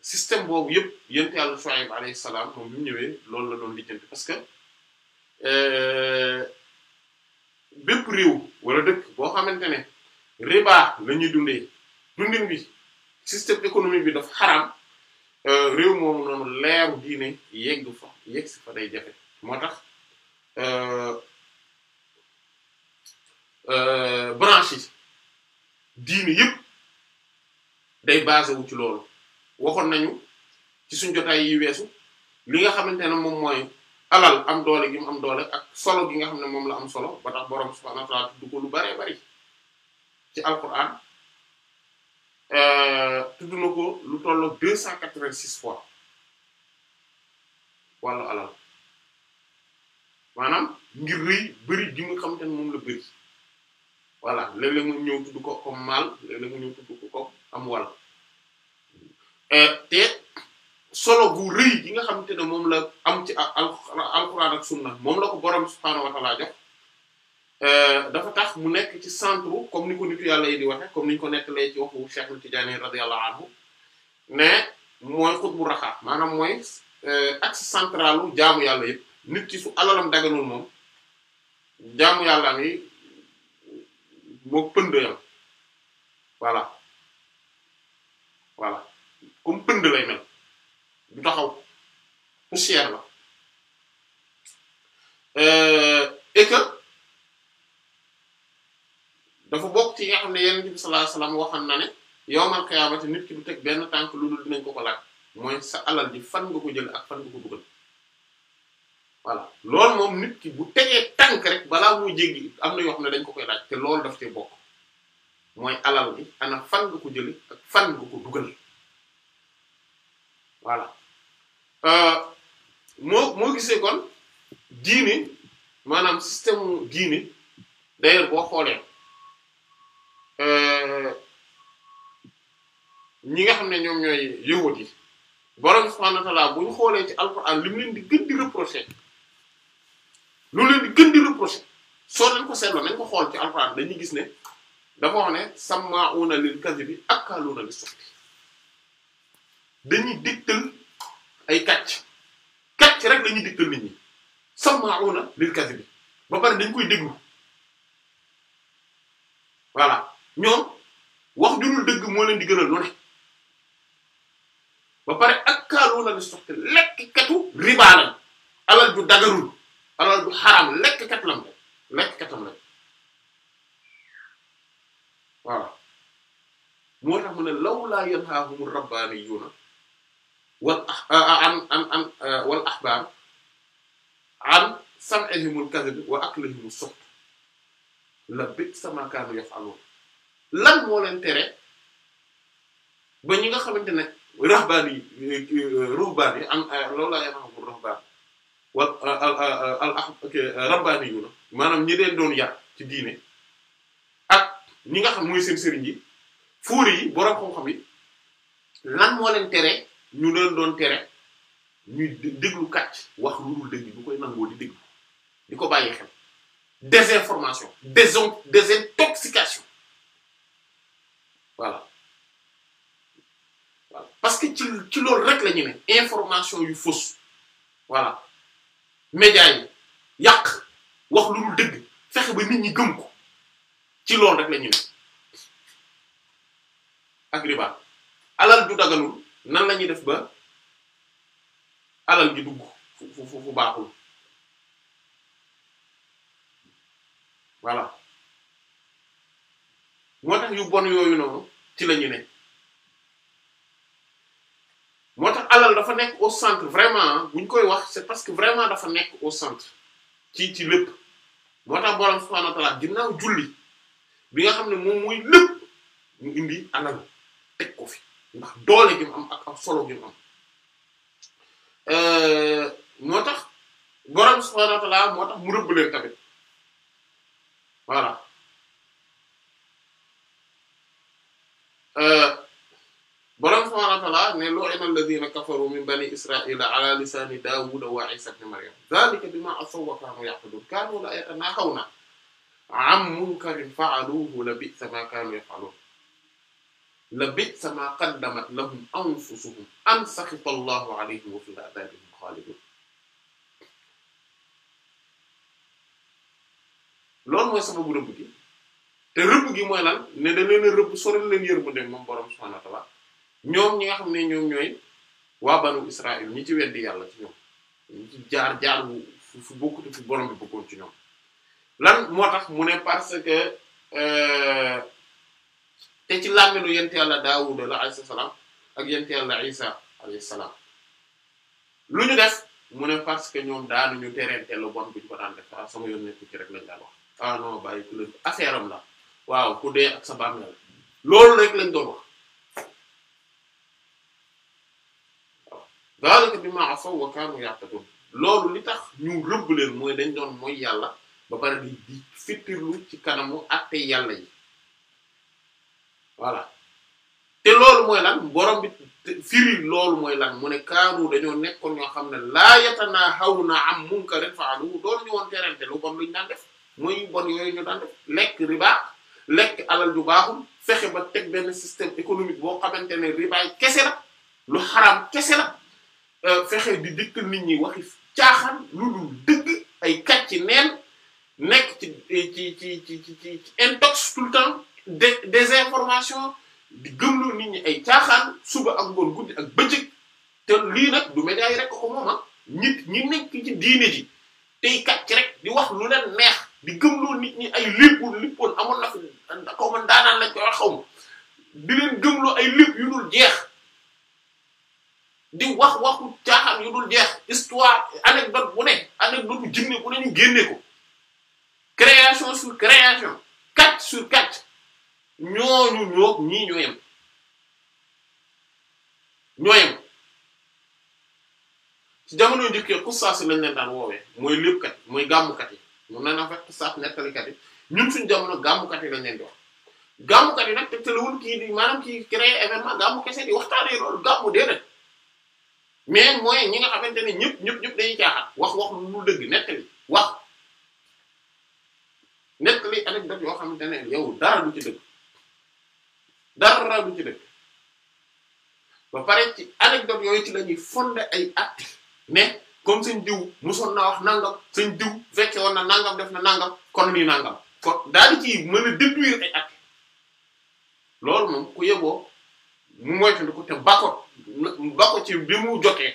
système boobu yëpp yent yàlla Shuaib alayhi salaam moom bi ñëwee loolu la doon lijjanti parce que bépp réew wala dëkk boo xamante ne riba la ñuy dundee dundin bi système économique bi dafa xaraam euh, réew moom noonu leeru diine yegg fa yegg si fa day jafe moo tax euh, euh, branche yi diine yëpp day basé wu ci loolu waxoon nañu ci suñ jotaay yi weesu li nga xamante ne moom mooy alal am doole gi am doole ak solo gi nga xam ne moom la am solo ba tax borom subhanahu wa ta'ala du ko lu baree bari ci alquran Euh, tudd na ko lu tolloog deux cent quatre-vingt-six fois wàllu alal maanaam ngir rëy bëri ji nga xamante ne moom la bëri voilà léeg-léeg mu ñëw tudd ko comme mal léeg-léeg mu ñëw tudd ko am wàll euh, te solo gu rëy gi nga xamante ne moom la am ci alquran ak na moom la ko borom subhaanahu wa ta'ala jox Euh, dafa tax mu nekk ci centre comme ni ko nitu yàlla yi di waxe comme niñ ko nettalee ci waxu Cheikh na Tidiane radiyallahu anhu ne mooy xutbu raxaa maanaam mooy euh, axe centralu jaamu yàlla yëpp nit ki su alalam daganul moom jaamu yàlla mi boo pënd yam voilà voilà comme pënd lay mel du taxaw poussière la euh, et dafa bokk ci nga xam ne yonent bi sallallahu alayhi wasallam waxoon na ne yawmal qiyaamati nit ki du teg benn tànk lu dul dinañ ko ko laaj mooy sa alal ji fan nga ko jël ak fan nga ko dugal voilà loolu moom nit ki bu tegee balaa muy jéggi am na yoo xam ne dañ ko koy laaj loolu daf te bokk mooy bi ana fan nga ko jële ak fan nga ko dugal voilà euh, moo moo gisee kon diini maanaam système diini d'ailleurs boo xoolee ñi nga xam ne ñoom ñooy yëwat yi borom subhanahu wa ta'ala bu ñu xoolee ci alquran li mu leen di gën di reprocher lu leen di gën di reprocher soo nañ ko seetloo dañ ko xool ci alquran dañuy gis ne dafa wax ne sama'una lil kadhibi akaluna lis sufti dañuy digtal ay kàcc kàcc rek lañuy digtal nit ñi sama'una lil kadhibi ba pare dañ koy déglu voilà ñoom wax ju dul dëgg moo leen di gënal lu ne ba pare ak kaalu la ni soxte lekk katu ribaa lañ alal ju dagarul alal ju xaraam lekk kat lam lekk katam lañ waaw moo tax mu ne lawlaa yanhaahumur rabbaaniyuuna wal ah, an an an wal ahbaar an sam'ihimul kadhib wa aklihimul suht la bi'sa maa kaanu yaf'aluun lan moo leen tere ba ñi nga xamante ne rahbaan yi ruhbaan yi am euh, loolu laa yàlla wax ruhbaan wal euh, euh, ah, maanaam ñi leen doon yàq ci diine ak ñi nga xam mooy seen sëriñ yi fuur yi borom xam-xam yi lan moo leen tere ñu leen doon tere ñuy déglu kàcc wax lu dul dëgg bu koy nangoo di déglu di ko bàyyi xel désinformation désintoxication. voilà parce que ci ci loolu rek la ne information yu fausse voilà média yi yàq wax lu dul dëgg fexe ba nit ñi gëm ko ci loolu rek la ñu ne ak riba alal du daganul nan la ñuy def ba alal ji dugg fu fu fu baaxul voilà moo tax yu bon yooyu noonu ci lañu ne moo tax alal dafa nekk au centre vraiment bu ñu koy wax c'est parce que vraiment dafa nekk au centre ci ci lépp moo tax borom subhaanahu wa ta'aala ginnaaw julli bi nga xam ne moom mooy lépp mu indi alal teg ko fi ndax doole gi mu am ak solo gi am euh, moo tax borom subhaanahu wa moo tax mu rëbb leen tamit voilà. Euh, borom subhaanahu wa ta'aala ne lu'ina alladhiina kafaru min bani israa'iila ala lisaani daawuuda wa iisaa ibn maryam dhaalika bimaa asaw wa kaanu ya'taduun kaanu laa yatanaahawna 'an munkarin fa'aluuhu labi'sa maa kaanu yaf'aluun labi'sa maa qaddamat lahum anfusuhum an sakhita allahu 'alayhim wa fil 'adhaabi hum xaaliduun loolu mooy sababu rëbb gi te rëbb gi mooy lan ne da leen a rëbb sori leen yërmande moom borom subhaanahu wa ta'aala ñoom ñi nga xam ne ñoom ñooy waa banu Israël ñi ci weddi yàlla ci ñoom jaar jaar fu fu bokkut fu borom bi bokkoon ci ñoom lan moo tax mu ne parce que euh, te ci làmmiñu yent yàlla Daawuda la alayhi salaam ak yent yàlla Isa alayhi salaam lu ñu def mu ne parce que ñoom daanuñu terente lu bon buñu ko daan def ah sama yoon nekk ci rek lañ daan ah non am la waaw ku dee ak sa bàmmeel loolu rek lañ doon wax waaw daalika bimaa asaw wa kaanu ya'tadun loolu li tax ñu rëbb leen mooy dañ doon mooy yàlla ba pare di fittirlu ci kanamu àtte yàlla yi voilà te loolu mooy lan borom bi firi loolu mooy lan mu ne kaanu dañoo nekkoon ñoo xam ne laa yatanaahawna an munkarin fa'aluhu doon ñu woon terante lu bon luñu daan def mooy bon yooyu ñu daan def lekk riba lekk alal ju baaxul fexe ba teg benn système économique boo xamante ne ribaay kese la lu xaraam kese la euh, fexe di dikk nit ñi waxi caaxaan lu dul dëgg ay kàcc neen nekk ci ci ci ci ci ci intox tout le temps des désinformation di gëmloo nit ñi ay caaxaan suba ak ngoon guddi ak bëccëg te lii nag du média yi rek ko moom ah, ñi nekk ci diine ji tey kàcc rek di wax lu leen neex. di gëmloo nit ñi ay léppoon léppoon amoon na fi xaw ma lañ koy wax xaw di leen gëmloo ay lépp yu dul jeex di wax waxu caaxaan yu dul jeex histoire anecdote bu ne anecdote jinne bu ne ñu génne ko création sur création quatre sur quatre ñooñu ñoo ñii ñoo yem ñoo yem ci jamono njëkkee leen daan woowee mooy léppkat mooy gàmmkat yi moom la na fekk sax nettalikat yi ñun suñu jamono gàmmukat yi lañ leen di wax gàmmukat yi nag te tëlawul kii di maanaam kii créé événement gàmmu kese di waxtaanee loolu gàmmu déedéet mais mooy ñi nga xamante ne ñëpp ñëpp ñëpp dañuy caaxaan wax wax lu dul dëgg nettali wax nettali anecdote yoo xamante ne yow dara du ci dëgg dara du ci dëgg ba pare ci anecdote yooyu ci la ñuy ay actes mais. comme sëñ diw mosoon naa wax nangam sëñ diw fekke woon na nangam def na nangam kon nii nangam kon daal di ci mën a déduire ay at loolu moom ku yeboo mu moytandiku te bako bako ci bi mu jotee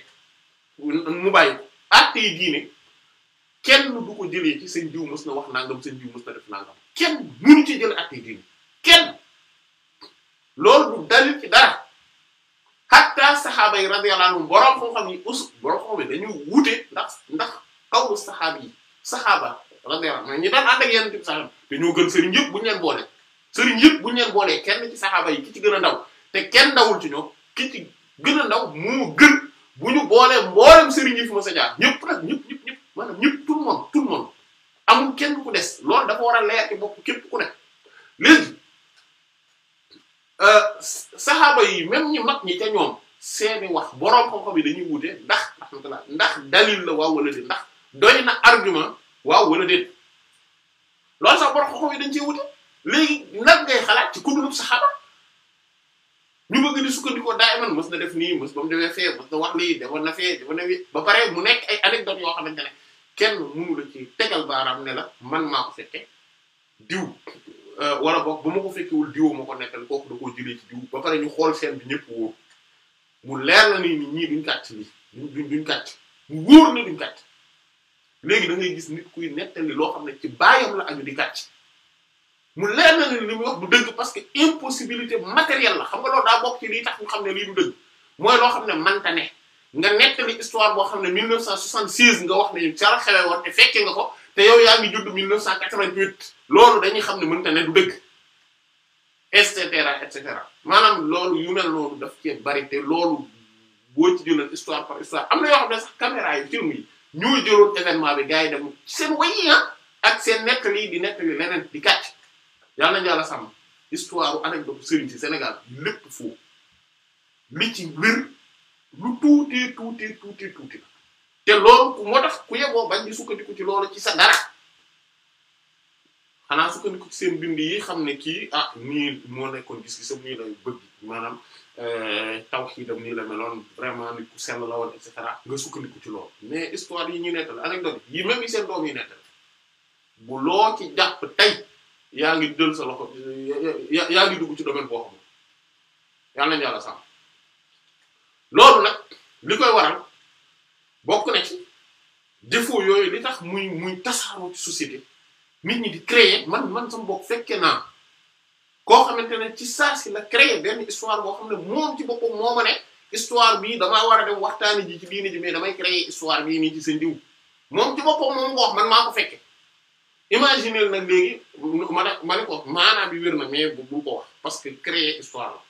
mu bàyyi at yi diine kenn du ko jëlee ci sëñ diw na wax nangam sëñ diw na def nangam kenn mënu ci jëlee at yi diine kenn loolu du dalil dara. hatta saxaaba yi radiyallahu anhum borom xam-xam yi us borom xam-xam yi dañu wute ndax ndax xawlu saxaaba yi saxaaba radiyallahu anhum ñi daan ànd ak yenn ci saxaaba dañoo gën sëriñ yëpp bu ñu leen boole sëriñ yëpp bu ñu leen boolee kenn ci yi ki ci gën a ndaw te kenn ndawul ci ñoom ki gën a ndaw moo gën bu ñu boolee mboolem sëriñ yi fi ma sa ñëpp nag ñëpp ñëpp ñëpp maanaam amul kenn ku des loolu dafa war a leer ci bopp képp ku ne léegi Euh, saxaaba yi même ñi mag ñi ca ñoom seeni wax boroom xam-xam yi dañuy wute ndax alhamdulilah ndax dalil la waaw wala déet ndax doy na argument waaw wala déet loolu sax boroom xam-xam dañ cee léegi nag ngay xalaat ci kudulub saxaaba ñu bëgg di sukkandikoo daay na def nii mës ba mu demee ba pare mu nekk ay yoo xamante ne kenn mënu la ci tegal baaraam ne la man maa ko fekke diw Euh, wala boog ba ma ko fekkewul diwoo ma ko nekkal kooku da koo jëlee ci diw ba pare ñu xool seen bi ñëpp wóor mu leer na ni ñii duñ kàcc ni duñ duñ kàcc mu wóor na duñ katt léegi da ngay gis nit kuy nettali loo xam ne ci baayam la aju di kàcc mu leer na ni li muy wax du dëgg parce que impossibilité matérielle la xam nga loolu daa bokk ci lii tax ñu xam ne lii du dëgg mooy loo xam ne manta ne nga nettali histoire moo xam ne 1976 nga wax ne ñu ca la woon te fekkee nga ko. te yow yaa ngi judd 1988 loolu dañuy xam ne mënta ne du dëgg et cetera et cetera maanaam loolu yu mel loolu daf cee bari te loolu boo ci jëloon histoire par histoire am na yoo xam ne sax caméra yi film yi ñoo jëloon événement bi gars yi dem seen wéy ah ak seen nekk lii di nekk li leneen di kàcc yal nañu yàlla sàmm histoire anecdote sëriñ si Sénégal lépp foofu li ci wér lu tuutee tuutee tuutee te loolu moo tax ku yeboo bañ di sukkandiku ci loolu ci sa dara xanaa sukkandiku ci seen bind yi xam ne kii ah nii moo nekkoon gis-gisam nii lay bëgg maanaam eh, tawxiidam nii la meloon vraiment nit ku sell la woon et cetera nga sukkandiku ci loolu mais histoire yi ñu nettali anecdote yi même yi seen doom yi nettali bu loo ci jàpp tey yaa ngi jël sa loxo yaa ngi dugg ci domaine boo xam yàlla nañu yàlla sàmm loolu nag li koy waral. bokk na ci défaut yooyu li tax muy muy tasaaroo ci société nit ñi di créer man man sama bopp fekkee naa koo xamante ne ci saa si la créer benn histoire boo xam ne moom ci boppam bii damaa war a dem waxtaani ji ci diini ji mais damay créer histoire bii nii ci seen diw moom ci man maa ko fekke imaginer nag léegi ma ne ma bi wér na mais bu ko wax parce que créer histoire la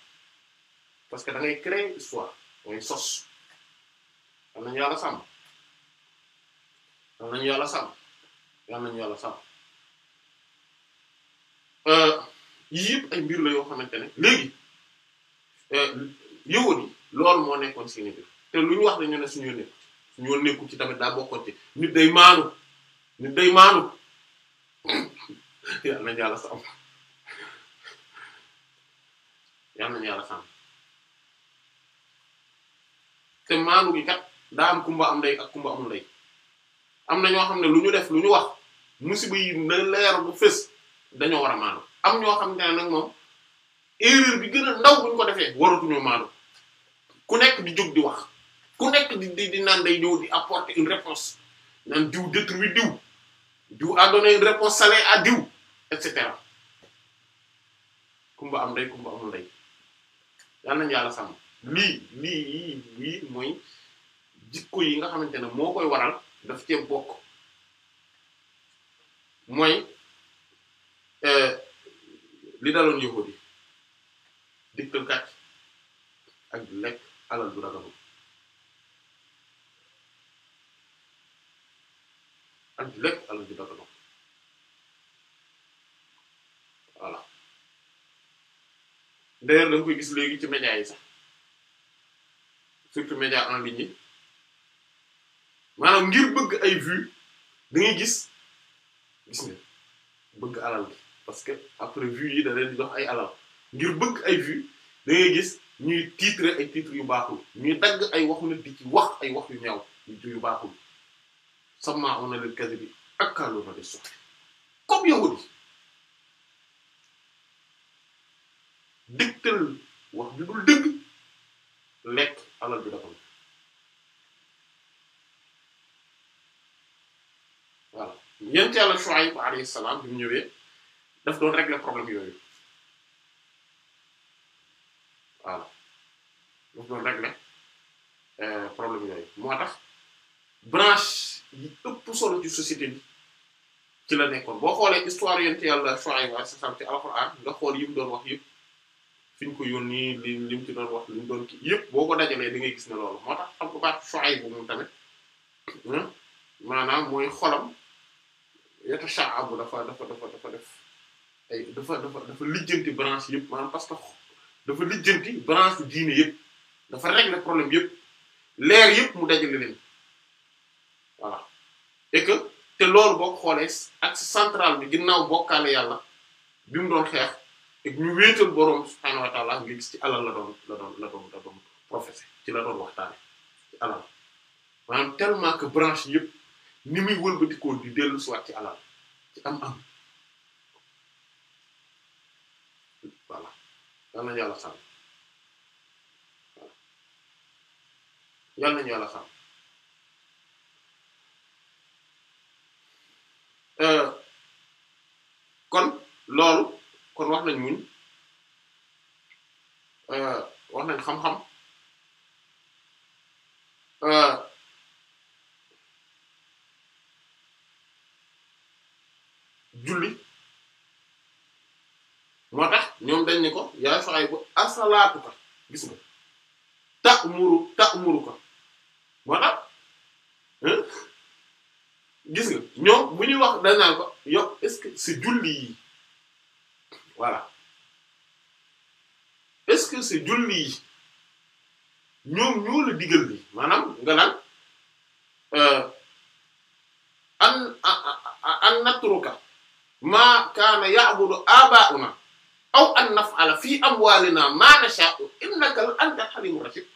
parce que dangay ngay créer histoire mooy sos am nañu yàlla sàmm yal nañu yàlla sàmm yal nañu yàlla sàmm yii yëpp ay mbir la yoo xamante ne léegi euh, yëwoon yi loolu moo nekkoon seeni mbir te lu ñu wax dañu ne suñu nekk nekku ci tamit daa bokkoon ci nit day maanu nit day maanu yal nañu yàlla sàmm yal nañu yàlla sàmm te maanu gi kat daa am kumba am ndey ak kumba amul ndey am na ñoo xam ne lu ñu def lu ñu wax musiba yi na leer bu fës dañoo war a maandu am ñoo xam ne nag moom erreur bi gën a ndaw buñ ko defee waratuñoo maandu ku nekk di jóg di wax ku nekk di di naan day ñëw di apporter une réponse naan diw détruit diw diw a donné une réponse salée à diw et cetera kumba am ndey kumba amul ndey yal nañu yàlla sàmm lii lii yii mooy jikko yi nga xamante ne moo koy waral daf cee bokk mooy euh, li daloon yahudi digtal kàcc ak lekk alal bu daganul ak lekk alal bu daganul voilà d'ailleurs da koy gis léegi ci médias yi sax surtout médias en ligne waaw ngir bëgg ay vues da ngay gis gis nga bëgg alal bi parce que après vues yi da leen jox ay alal ngir bëgg ay vues da gis ñuy titre ay titre yu baaxul ñuy dagg ay waxu di ci wax ay wax yu ñaaw yu baaxul sammaa'uuna lil kadhibi akkaaluuna lis-suht comme yahudi dégtal wax ju dul dëgg lekk alal bi dafa yonent Yàlla Shuayb alayhi salaam bi mu ñëwee daf doon régler problème yooyu voilà daf doon régler euh, problème yooyu moo tax branche yi ëpp solo ci société bi ci la nekkoon boo xoolee histoire yonent Yàlla Shuayb alayhi salaam ci Alxuraan nga xool yi mu doon wax yëpp fi ñu ko yónnee li li mu ci doon wax li mu doon kii yëpp boo ko dajalee da ngay gis ne loolu moo tax xam ko baat Shuayb bu moom tamit hmm, maanaam mooy xolam. yata shaabu ah, dafa dafa dafa dafa def ay dafa dafa lijjanti branche yëpp maanaam parce que dafa lijjanti branche diine yëpp dafa régler problème yëpp leer yëpp mu dajale leen voilà et te loolu boo xoolee ak central bi ginnaaw bokkaale yàlla bi mu doon xeex ak ñu wéetal boroom subhaanahu wa ta'ala ngi gis ci alal la doon la doon la doon la doon professé ci la doon waxtaane ci alal maanaam tellement branche yëpp ni muy wëlbatikoo di dellu siwaat ci alal ci am-am voilà yal nañu yàlla sàmm voilà yal nañu yàlla sàmm euh, kon loolu kon wax nañ muñ euh, wax nañ xam-xam salaatuka gis nga ta'muru ta'muruka moo tax gis nga ñoom bu ñuy wax dañ naan ko yow si julli yi voilà est si julli yi ñoom ñoo la digal bi maanaam nga naan euh, an an natruka maa kaana ya'budu abaa'una aw an naf'ala fii amwaalinaa maa nashaa'u innaka antal haliimur rashiid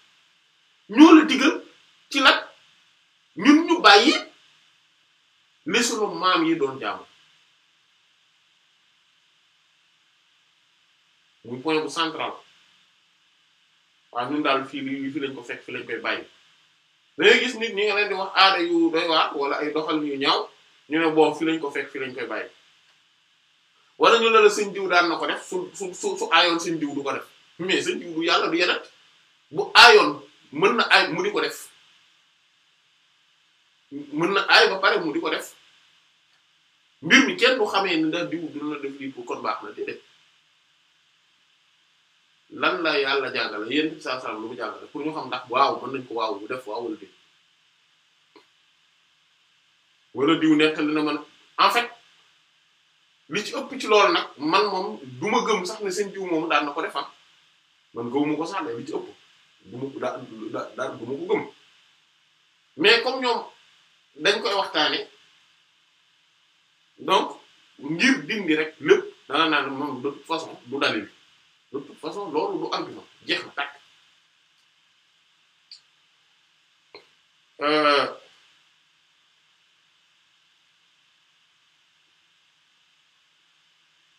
ñoo la digal ci nag ñun ñu bàyyi li sunu maam yi doon jaamu muy point bu central waaw ñun daal fii li fi lañ ko fekk fi lañ koy bàyyi dangay gis nit ñi nga di wax aada yu doy wala ay doxal yu ñaaw ñu ne boo fi lañ ko fekk fi lañ koy bàyyi wala ñu la la sëñ diw daan na ko def su su su su aayoon diw du ko def mais sëñ diw du yàlla du yeneen bu aayoon mën na aay mu di ko def mën na ay ba pare mu di ko def mbir mi kenn du xamee ne ndax diw dina la def lii pour kon baax na déedéet lan la yàlla jàngale yéen saa saa lu mu jàngale pour ñu xam ndax waaw mën nañ ko waaw mu def waaw wala déet wala diw na man en fait. li ci ëpp ci loolu nag man moom du ma gëm sax ne seen jiw moom daan ko defar ah. man gëmuma ko sax ne li ci ëpp du ma daa ko gëm mais comme ñoom dañ koy waxtaane donc ngir dindi rek lépp dana naan moom de toute façon du dalil de toute façon loolu du argument jeex na tàkk. Euh,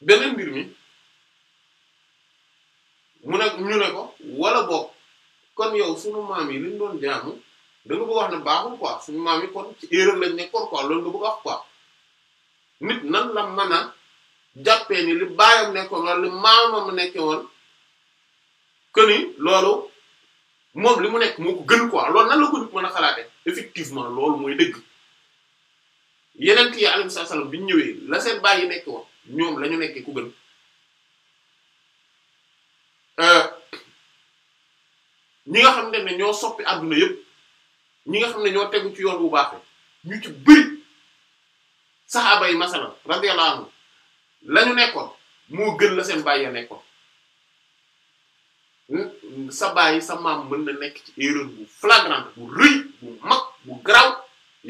beneen mbir mi mu ne ñu ne ko walla boog kon yow suñu maam yi liñ doon jaamu da bëgg wax ne baaxul quoi suñu maam yi kon ci erreur lañ nekkoon quoi loolu nga bëgg wax quoi nit nan la mën a jàppee ni li baayam nekkoon wala li maamam nekke woon que ni loolu moom li mu nekk moo ko gën quoi loolu nan la ko nit mën a xalaate effectivement loolu mooy dëgg yeneen yi alayhi salaam bi ñu ñëwee la seen baay yi nekk woon ñoom lañu nekkee ku gën euh, ñi nga xam ne ñoo soppi àdduna yëpp ñi nga xam ne ñoo tegu ci yoon bu baax ñu ci bëri saxaaba yi masalan radiyallahu anhu la ñu nekkoon moo gën la seen baay ya nekkoon hmm? sa baay sa maam mën na nekk ci erreur bu flagrante bu rëy bu mag bu garaaw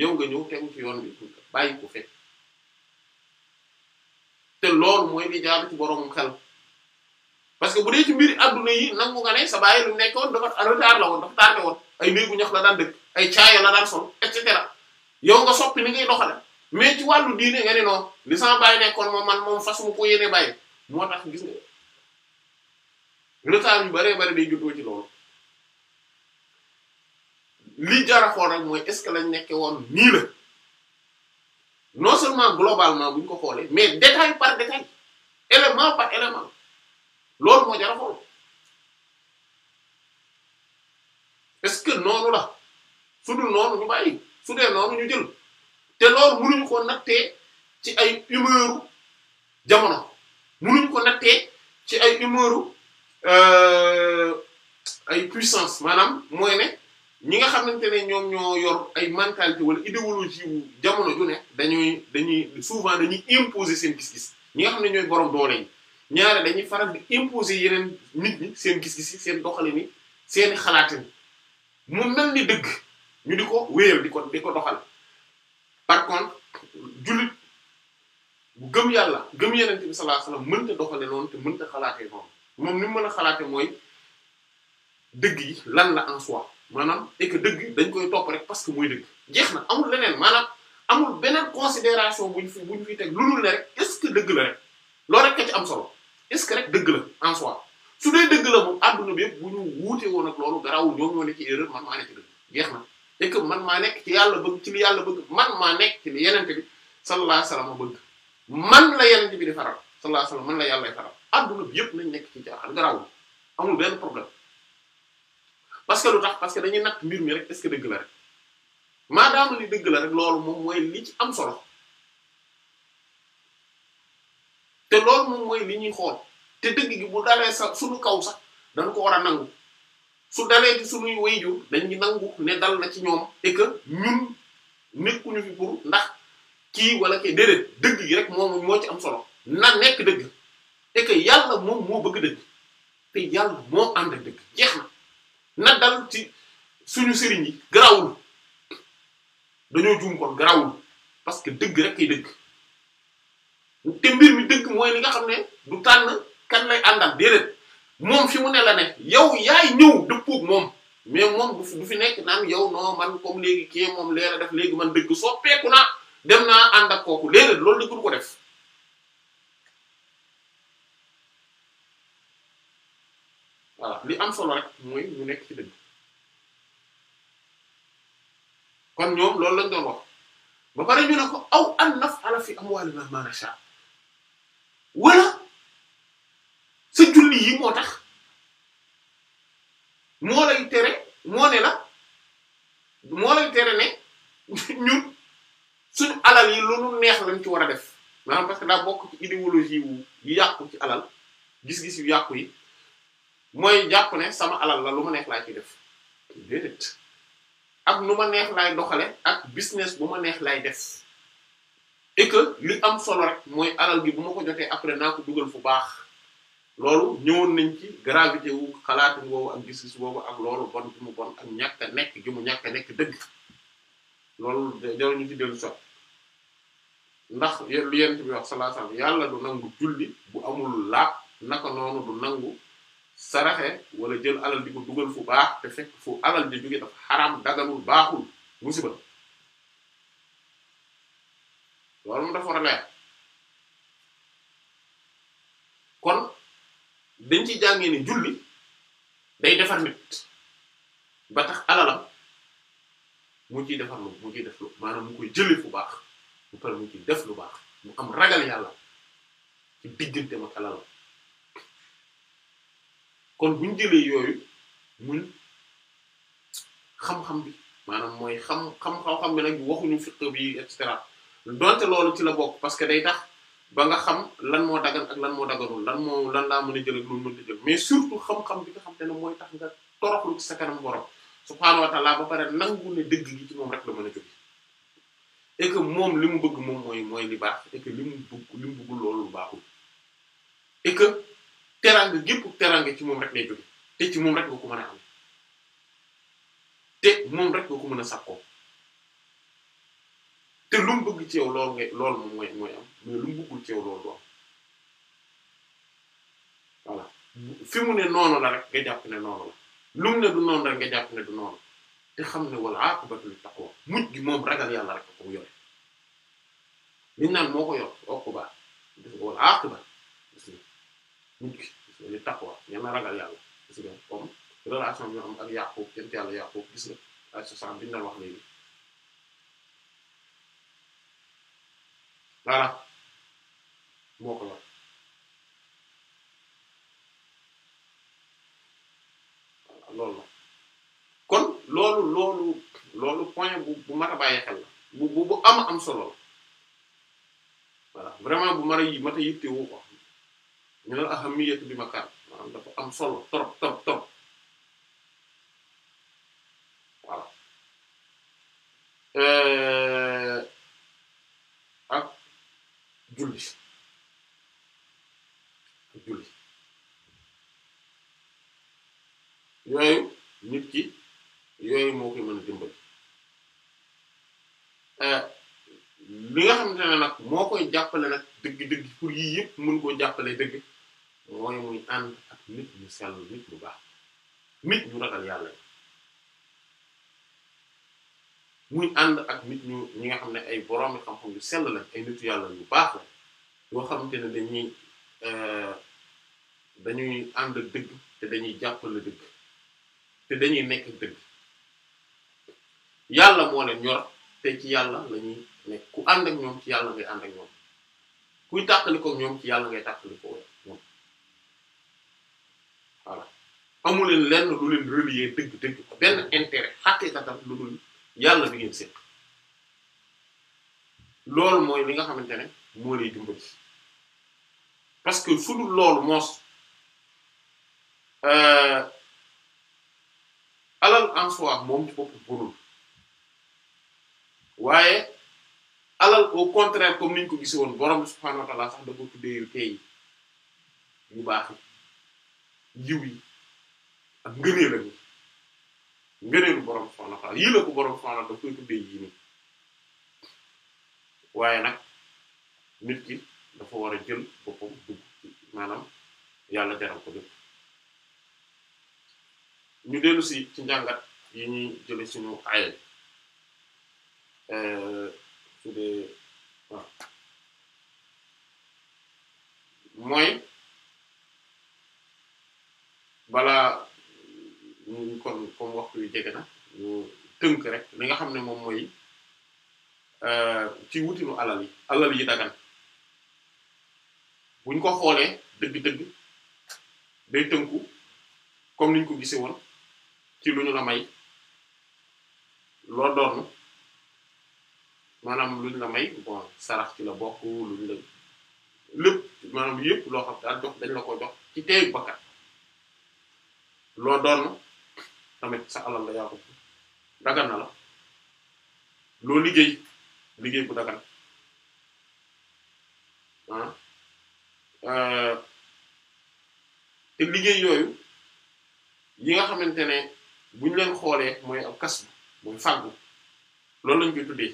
yow nga ñëw tegu ci yoon bi bàyyi ko fekk te loolu mooy li jaar ci boroomum que bu dee ci mbiri adduna yi nekkoon dafa retard la woon dafa tardé woon ay néegu ñax la daan dëkk ay caaya la daan sol et cetera yow nga soppi ni ngay doxale mais ci wàllu diine nga ne non li sama nekkoon moom man moom fas mu ko yéene bàyyi moo tax gis nga retard yu baree bari day juddoo ci loolu li jar a xool rek mooy est ce que lañ nekke woon nii la non seulement globalement bu ñu ko xoolee mais détail par détail élément par élément loolu moo jara est-ce que noonu la su dul noonu ñu bàyyi su noonu ñu jël te loolu mënuñu ko nattee ci ay humeuru jamono mënuñu ko nattee ci ay humeuru euh, ay puissance maanaam mooy ne ñi nga xamante ne ñoom ñoo yor ay mentalité wala idéologie wu jamono ju ne dañuy dañuy souvent dañuy imposer seen gis-gis ñi nga xam ne ñooy borom doole yi ñaare dañuy faral di imposer yeneen nit ñi seen gis-gis seen doxalin yi seeni xalaatin mu mel ni dëgg ñu di ko wéyal di ko di ko doxal par contre jullit gëm yàlla gëm yeneen bi sallallahu alayhi wasallam mënta doxale noonu te mënta xalaatee noonu moom ni mën a xalaatee mooy dëgg yi lan la en maanaam et que dëgg dañ koy topp rek parce que mooy dëgg jeex na amul leneen maanaam amul beneen considération bu ñu fi bu ñu fi teg lu dul ne rek est que dëgg la rek loolu rek ci am solo est-ce que rek dëgg la en su dee dëgg la moom adduna bi yëpp bu ñu wuute woon ak loolu garaawul ñoom ñoo nekk ci erreur man maa nekk ci dëgg jeex na et man maa nekk ci yàlla bëgg ci li yàlla man maa nekk ci li yenente bi sallallahu alayhi wasallam bëgg man la yenente bi di faral sallallahu alayhi wasallam man la yàllay faral adduna yëpp nañ nekk ci benn problème parce que lu tax parce que dañuy natt mbir mi rek est que dëgg la rek maadaama li dëgg la rek loolu moom mooy li ci am solo te loolu moom mooy li ñuy xool te dëgg gi bu dalee sax suñu kaw sax dañ ko war a nangu su dalee ci suñuy wayjur dañuy nangu ne dal na ci ñoom et que ñun nekkuñu fi pour ndax kii wala kii déedéet dëgg gi rek moom moo ci am solo na nekk dëgg et que yàlla moom moo bëgg dëgg te yàlla moo ànd ak dëgg jeex na. na dal ci suñu sëriñ yi garawul dañoo juum kon garawul parce que dëgg rek kay dëgg te mbir mi dëgg mooy li nga xam ne du tànn kan lay àndal déedéet moom fi mu ne la ne yow yaay ñëw dëppook moom mais moom du fi nekk naan yow non man comme léegi kii moom leera def léegi man dëgg soppeeku naa dem naa ànd ak kooku léeg loolu dëgg du ko def voilà li am solo rek mooy mu nekk ci dëgg kon ñoom loolu lañ doon wax ba pare ñu ne ko aw an naf'ala fi amwaalina maa nashaa wala sa julli yi moo tax moo lay tere moo ne la moo lay tere ne ñun suñu alal yi lu nu neex lañ ci war a def maanaam parce que daal bokk ci idéologie wu yàqu ci alal gis-gis yu yàqu yi mooy jàpp ne sama alal la lu ma neex laay ci def déedéet ak nu ma neex laay doxale ak business bu ma neex laay def et li am solo rek mooy alal gi bu ma ko jotee après naa ko dugal fu baax loolu ñëwoon nañ ci gravité wu xalaatin ak gis boobu ak loolu bon gi mu bon ak ñàkk nekk gi mu ñàkk a nekk dëgg loolu jarul ñu ci dellu sot ndax lu yent bi wax sallallahu yàlla du nangu julli bu amul laab naka noonu du nangu saraxe wala jël alal di ko dugal fu baax te fekk fu alal di jóge dafa xaraam daganul baaxul musiba loolu moom dafa war kon dañ ci jàngee ne day defar nit mu ciy defar mu ciy def lu baax mu def lu baax mu am ragal yàlla ci digganteem ak alalam kon bu ñu jëlee yooyu muñ xam-xam bi maanaam mooy xam xam xam-xam bi nag waxuñu fiq bi et cetera donte loolu ci la bokk parce que day tax ba nga xam lan moo dagan ak lan moo daganul lan moo lan laa mën a jël ak loolu mën a jël mais surtout xam-xam bi nga xam te ne mooy tax nga toroxlu ci sa kanam borom subhaanahu wa ta'ala ba pare nangu ne dëgg gi ci moom rek la mën a jóge et que moom li mu bëgg moom mooy mooy li baax et que li mu bëgg bëggul loolu lu baaxul et teraanga gépp teraanga ci moom rek lay jóge te ci moom rek nga ko mën a am te moom rek nga ko mën a sàkkoo te lu mu bëgg ci yow lool nga moom mooy mooy am mais lu mu bëggul ci lool du am fi mu ne noonu la rek nga jàpp ne noonu la lu mu ne du noonu rek nga jàpp ne du noonu te xam ne wal aqibatu lit taqwa mujj gi moom ragal yàlla rek ko yore liñ naan moo ko yor oqubaa wal aqibatu nit ki li taqwa ngeen na ragal yàlla gis am ak Yaqub yent yàlla ñu doon wax léegi la loolu la kon loolu loolu bu bu mat a bu bu am am solo la voilà bu mar a yi mat a yittewoo ko ñu ne ahamiyatu bi makaan maanaam dafa am solo trop trop trop voilà euh, julli julli yooyu nit ki yooyu moo koy mën a dimbali euh, li nga xamante ne nag moo koy jàppale nag dëgg-dëgg pour yii yëpp mën koo jàppale dëgg mooy muy ànd ak nit ñu sell nit ñu baax nit ñu ragal yàlla muy ànd ak nit ñu ñi nga xam ne ay boroomi xam-xam yu sell la ay nitu yàlla yu baax la xam xamante ne dañuy euh, dañuy ànd ak dëgg te dañuy jàppale dëgg te dañuy nekk dëgg yàlla moo leen ñor te ci yàlla la ñuy nekk ku ànd ak ñoom yàlla ngay ànd ak ñoom kuy tàqali ñoom ci yàlla ngay tàqali amu leen lenn lu leen relier dëgg-dëgg benn intérêt xaqiqatan lu dul yàlla bi ngeen seet loolu mooy li nga xamante ne moo lay dimbali parce que su dul loolu moos euh, alal en soi moom ci bopp bonul waaye alal au contraire comme niñ ko gise woon borom bi subhaanahu wa ta'ala sax da ko tuddee yu teey yu baax yi yiw yi ak ngëneel la borom subhanahu wa ta'ala yii la ko borom subhanahu wa ta'ala daf koy tuddee yii nii waaye nag nit ki dafa war a jël boppam dugg maanaam yàlla teral ko dëpp ñu dellu si ci njàngat yi ñuy jële suñu aaya euh, su mooy balaa mu kon comme waxtu yu jege na ñu tënk rek li nga xam ne moom mooy euh, ci wutinu alal yi alal yi dagan buñ ko xoolee dëgg-dëgg day tënku comme niñ ko gise woon ci lu ñu may loo doon maanaam luñ la may bon sarax ci la bokk luñ la lépp maanaam yépp loo xam daal jox dañ la ko jox ci teeyu bakkat loo doon tamit sa la yaa la loo liggéey liggéey bu dagan ah. euh, te liggéey yooyu yi nga xamante ne bu ñu leen xoolee mooy ab kas mooy fàggu loolu lañ koy tuddee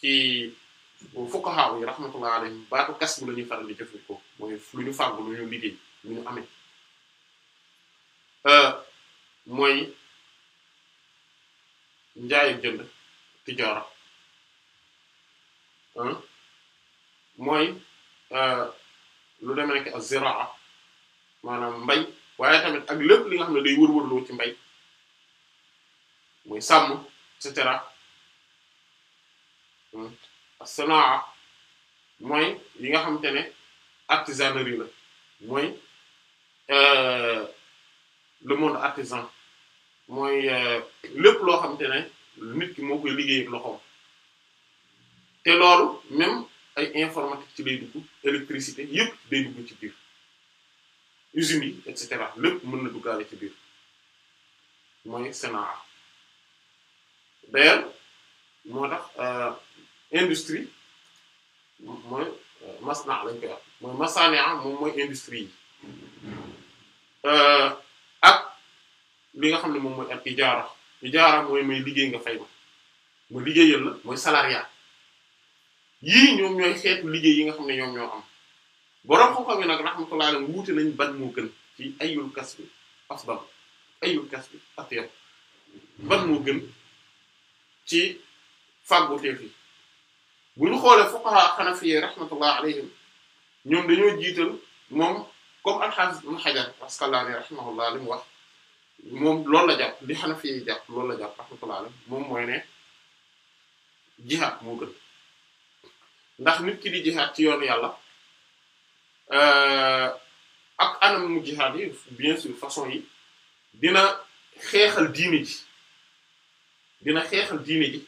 ci fuqaha yi rahmatullah alayhim baatu kas bu la faral di jëfandikoo mooy lu ñu fàggu lu ñu liggéey lu ñu amee. Euh, moy njaay ak jënd tijaara mooy euh, lu demee nekk az-ziraa maanaam mbay waaye tamit ak lépp li nga xam ne day wër-wërloo ci mbay muy sàmm et cetera as-sanaa mooy yi nga xamante ne artisanerie la moy euh, lu monde artisan mooy euh, lépp loo xamante ne nit ki moo koy liggéey ak loxoom te loolu même ay informatique ci lay dugg électricité yëpp day dugg ci biir usines yi et cetera lépp mën na duggaale ci biir mooy sénaa d'ailleurs moo tax euh, industrie mooy euh, masna lañ koy wax mooy masanéa moom mooy industrie yi li nga xam ne moom mooy ak ijaara ijaara mooy may liggéey nga fay ma ma liggéeyal la mooy salariat yii ñoom ñooy xeetu liggéey yi nga xam ne ñoom ñoo am borom xam-xam yi nag rahmatullahi alayhi wuute nañ ban moo gën ci ayul kasbi asbab ayul kasbi atyab ban moo yi bu ñu xoolee fuqaha xanafiye rahmatullahi alayhim ñoom dañoo jiital moom comme al-Hafiz ibn Hajar asqalani rahimahullah li mu wax moom lool la jàpp li xanafi yi jàpp loolu la jàpp rahmatullah alayhi moom mooy ne jihaad moo gën ndax nit ki di jihaad ci yoonu yàlla euh, ak anam mu jihaad yi bien sûr façon yi dina xeexal diine ji dina xeexal diine ji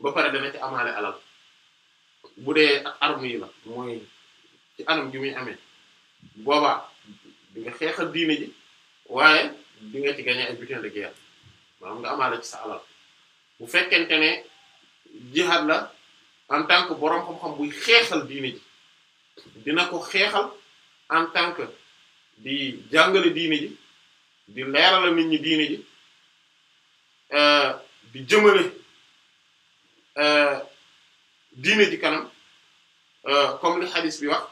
ba pare dana ci amaale alal bu dee ak arme yi la mooy ci anam gi muy amee boobaa di nga xeexal diine ji waaye di nga ci gagné ay butin de nga amaale ci sa bu fekkente ne jihad la en tant que borom xam-xam buy xeexal diine ji dina ko xeexal en tant que di jàngale diine ji di leeralal nit ñi diine ji euh, di jëmale euh, diine ji kanam euh, comme li hadis bi wax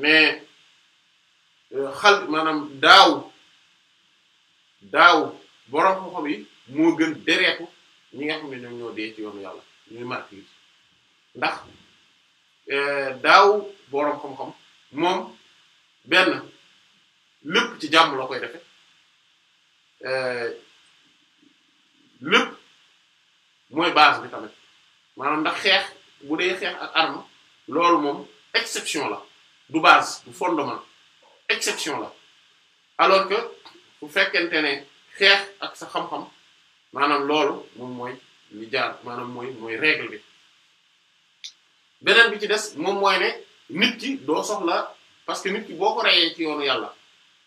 mais. xal maanaam daaw daaw borom xam-xam yi moo gën dereetu ñi nga xam ne ñoom ñoo dee ci yoonu yàlla ñuy martyr ndax eh, daaw borom xam-xam moom benn lépp ci jàmm la koy defe eh, lépp mooy base bi tamit maanaam ndax xeex bu dee xeex ak arme loolu moom exception la du base du fondement exception la alors que bu fekkente ne xeex ak sa xam-xam maanaam loolu moom mooy li jaar maanaam mooy mooy règle bi beneen bi ci des moom mooy ne nit ki doo soxla parce que nit ki boo ko reyee ci yoonu yàlla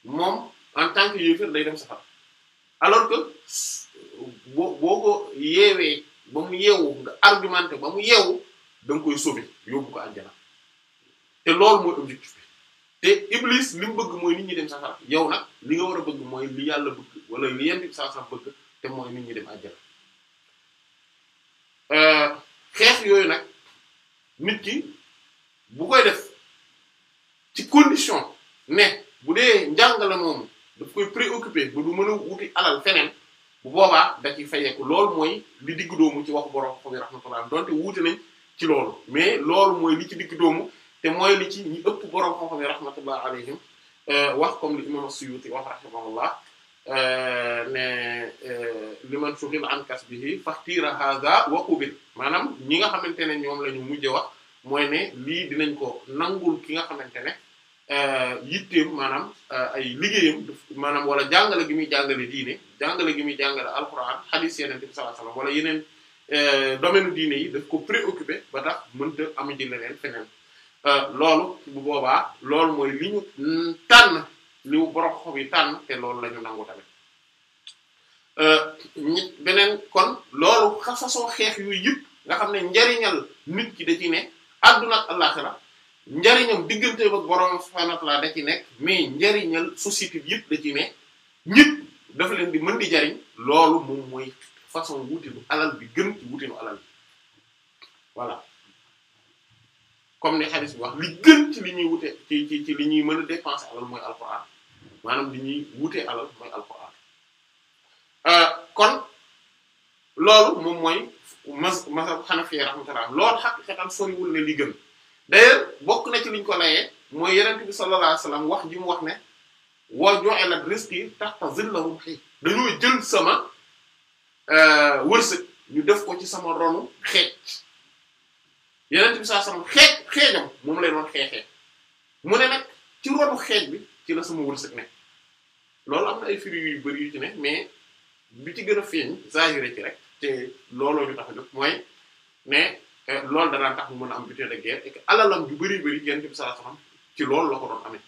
moom en tant que yéefar day dem safara alors que boo boo ko yeewee ba mu yeewu nga ba mu yeewu da nga koy sauver yóbbu ko àjjana te loolu mooy objectif bi te iblis li mu bëgg mooy nit ñi dem safara yow nag li nga war a bëgg mooy li yàlla bëgg wala li yent bi safara bëgg te mooy nit ñi dem àjjana euh, xeex yooyu nag nit ki bu koy def ci condition ne bu dee njàngale moomu daf koy préoccupé ba du mën a wuti alal feneen bu boobaa da ciy fayeeku loolu mooy li digg doomu ci waxu borom ko bi rahmatullah doonte wuute nañ ci loolu mais loolu mooy li ci digg doomu te mooy li ci ñi ëpp borom moo xam ne rahmatullah alayhim euh, wax comme li imam as-Suyuti wax rahimahullah euh, ne euh, liman shughila an kasbihi faxtira hadha wa qubil maanaam ñi nga ne ñoom la ñu mujje mooy ne lii dinañ ko nangul ki nga xamante ne maanaam ay liggéeyam maanaam wala jàngale gi muy jàngale diine jàngale gi muy jàngale alquran hadith yeneen bi sallallahu alayhi wala yeneen domaine diine yi daf ko préoccupé ba tax mënta amu ji leneen feneen Euh, loolu bu boobaa loolu mooy li ñu tànn li borom xob yi tànn te loolu la ñu nangu tamit euh, beneen kon loolu façon xeex yooyu yëpp nga xam ne njariñal nit ki da ci ne adduna ak àllaxira njariñam diggante ak borom subhaanahu wa da ci nekk mais njariñal société yëpp da ci ne ñëpp dafa leen di mën di jariñ loolu moom mooy façon wutinu alal bi gën ci wutinu alal bi voilà comme ni xadis bi wax li gën ci li ñuy wute ci ci li ñuy mën a dépenser alal mooy alquran maanaam li ñuy wutee alal mooy alquran euh, kon loolu moom mooy mas masab xanafi rahmatullah loolu xaqiqatan soriwul ne li gën bokk na ci liñ ko layee mooy yenent bi sallallahu alayhi wasallam wax ji mu wax ne wa ju'ila rizqi tahta zilli rumhi dañoo jël sama euh, wërsëg ñu def ko ci sama ronu xeec yeneen bi saa sama xeej xeejam moom lay doon xeexee mu ne nag ci ronu xeej bi ci la sama wërsëg ne am ay firi yu bari yu ci ne mais bi ci gën a feeñ zahire ci rek te looloo ñu tax a mooy ne eh, loolu danaan tax mu mën a am butin de guerre et que alalam ju bari bari yeneen bi saa sama ci loolu la ko doon amee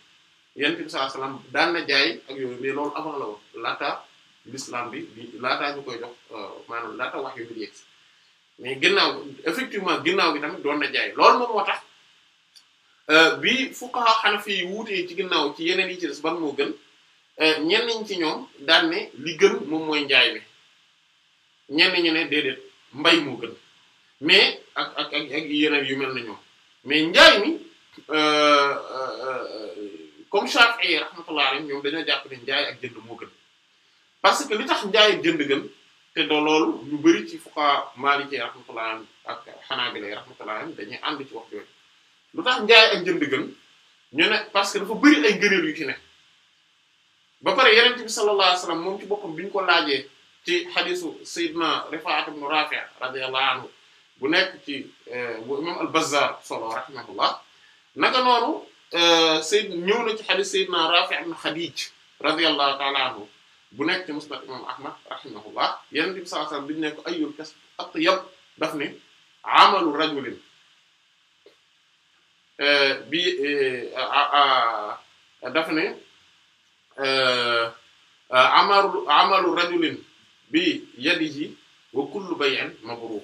yeneen bi saa sama daan na jaay ak yooyu mais loolu avant la woon laata l'islam bi laataa ñu koy jox euh, maanaam laata wax yu ñu yegg si mais ginnaaw effectivement ginnaaw gi tamit doon na jaay loolu moom moo tax euh, bi fuqaha hanafi yi wuutee ci ginnaaw ci yeneen yi ci des ban moo gën euh, ñenn ñi ci ñoom daan ne li gën moom mooy njaay bi ñenn ñu ne déedéet mbay moo gën mais ak ak ak yeneen yu mel na ñoom mais njaay mi euh, comme Shafi'i rahmatullahi alayhi ñoom dañoo jàpp ne njaay ak jënd moo gën parce que li tax njaay ak jënd gën. te doo loolu ñu bari ci fuqaha Maliki rahmatullah ak Hanabila rahmatullah dañuy ànd ci wax jooju lu tax njaay ak jënd gën ñu ne parce que dafa bari ay ngëneel yu ci ne ba pare yeneen bi sallallahu alayhi wasallam moom ci boppam bi ko laajee ci xadisu Seydina Rifaat ibn Rafi' radiyallahu anhu bu nekk ci eh, bu imam al-Bazzar solo rahmatullah naka noonu eh, Seyd ñëw na ci xadis Seydina Rafi' ibn Khadij radiyallahu ta'ala anhu bu nekk ci musnad imam ahmad rahimahullah yenent bi sallallahu alayhi wasallam biñu ne ko ayyul kasb atyab daf ne amalu rajulin euh, bi euh, daf ne euh, amalu amalu rajulin bi yadihi wa kullu bay'in mabrur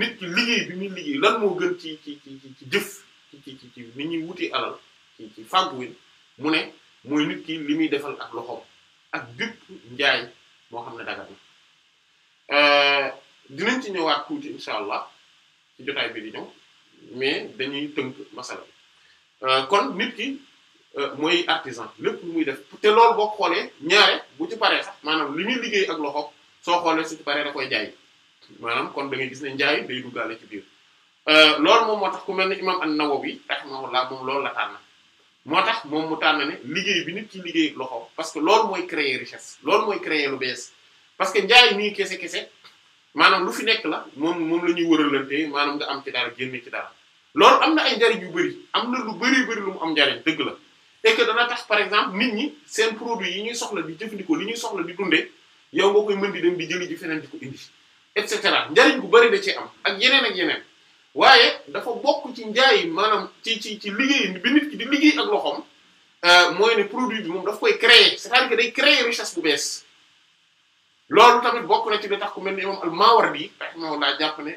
nit ki liggéey bi muy liggéey lan moo gën ci ci ci ci jëf ci ni ñuy wuti alal ci ci fàgguwin mu ne mooy nit ki li muy defal ak loxo ak bépp njaay moo xam ne dagat na euh, dinañ ci ñëwaat tuuti incha allah ci jotaay bi di ñëw mais dañuy tënk masala bi euh, kon nit ki euh, mooy artisan lépp lu muy def te lool boo xoolee ñaare bu ci paree sax maanaam li ñuy liggéey ak loxo soo xoolee su ci paree da koy jaay maanaam kon da gis ne njaay day duggaale ci biir lool moom moo tax ku mel ne imam an-Nawawi rahimahullah moom loolu la tànn moo tax moom mu tànn ne liggéey bi nit ci liggéey loxo loxoom parce que loolu mooy créer richesse loolu mooy créer lu bees parce que njaay nii kese kese maanaam lu fi nekk la moom moom la ñuy wëralante maanaam nga am ci dara génne ci dara loolu am na ay njariñ yu bëri am na lu bëri bëri lu mu am njariñ dëgg la et dana tax par exemple nit ñi seen produit yi ñuy soxla di jëfandikoo li ñuy soxla di dundee yow nga koy mën di dem di jëli ji feneen di ko indi et cetera njariñ bu bëri da cee am ak yeneen ak yeneen waaye dafa bokk ci njaay maanaam ci ci ci liggéey bi nit ki di liggéey ak loxoom euh, mooy ne produit bi moom daf koy créer c'est-à-dire que day créer richesse bu bees loolu tamit bokk na ci li tax ku mel ni imam al-Mawardi rahimahullah jàpp ne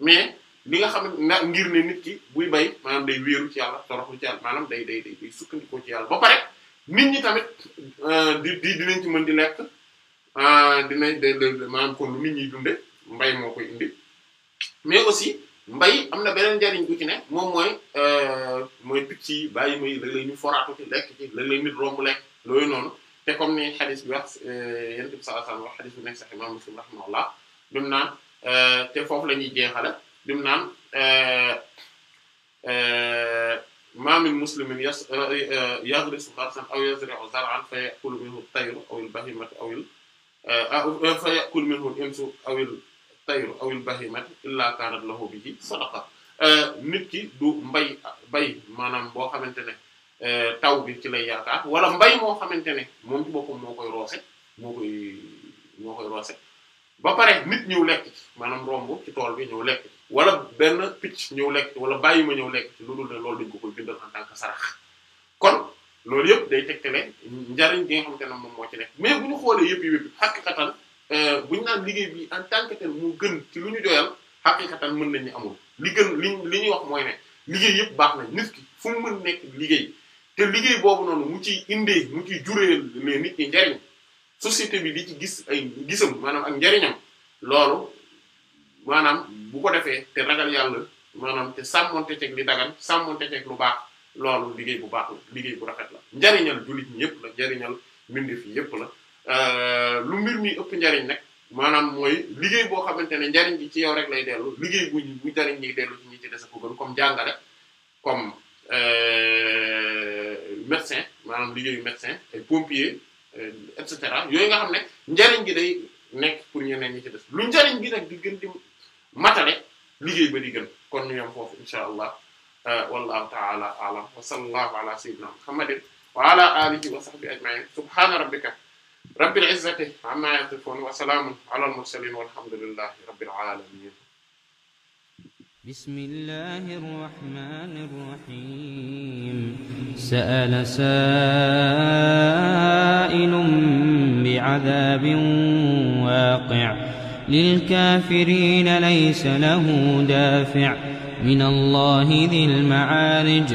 mais li nga xam ne ngir ne nit ki buy bay maanaam day wéeru ci yàlla day day day day ba pare nit ñi tamit euh, di di dinañ ci mën di lekk euh, dinañ de maanaam kon lu nit ñiy dunde mbay moo koy indi mais aussi mbay am na beneen njariñ bu ci moom mooy euh, mooy picc yi bàyyi may léeg-léeg ñu foraatu ci lekk ci léeg-léeg nit romb lekk loolu noonu te comme ni xadis bi wax euh, yonent bi sallallahu alayhi wax xadis bu nekk sax imam Muslim rahimahullah bi mu naan euh, te foofu la ñuy jeexale bi mu naan ma min muslimin yaghrisu gharsan aw yazri'u zar'an fa ya'kulu minhu at-tayru aw al-bahimatu aw fa ya'kulu minhu al-insu aw tayru awil bahimati illa kanat lahu bihi sadaqa nit ki du mbay bay maanaam boo xamante ne eh, taw bi ci lay yaakaar wala mbay moo xamante ne moom ci boppam moo koy roose moo moo koy roose ba pare nit ñëw lekk ci maanaam romb ci tool bi ñëw lekk wala benn picc ñëw lekk ci wala bàyyi ma ñëw lekk ci lu dul ne loolu dañ ko koy bindal en tant sarax kon loolu yëpp day tegtale njariñ gi nga xamante ne moom moo ci nekk mais bu ñu xoolee yëpp yëpp xaqiqatan Euh, bu ñu naan liggéey bi en tant que mu gën ci lu ñu doyal xaqiqatan mën nañ ni amul li gën li li ñuy wax mooy ne liggéey yëpp baax na nit ki fu mu mën nekk liggéey te liggéey boobu noonu mu ci indee mu ci juree les nit ñi njariñ société bi li ci gis ay gisam maanaam ak njariñam loolu maanaam bu ko defee te ragal yàlla maanaam te sàmmonte ceeg li dagan sàmmonte ceeg lu baax loolu liggéey bu baax la liggéey bu rafet la njariñal jullit ñi yëpp la njariñal mbindeef yi la Euh, lu mbir mi ëpp njariñ nag maanaam mooy liggéey boo xamante ne njariñ gi ci yow rek lay dellu liggéey bu bu njariñ gi dellu ci ñi ci des a ko gën comme jàngale comme euh, médecin maanaam liggéeyu médecin ay pompier euh, et yooyu nga xam ne njariñ gi day nekk pour ñeneen ñi ci des lu njariñ gi nag di gën di matale liggéey ba di kon ñu yam foofu insha allah wallahu ta'ala a'lam wa sallallahu ala sayyidina muhammadin wa alihi wa sahbihi ajma'in subhana rabbika rabbil izzati amma yasifun wa salaamun alal mursalin walhamdulillahi rabbil alamin bismillahir rahmanir rahim sa'ala saa'ilun bi'adabin waqi' للكافرين ليس له دافع من الله ذي المعارج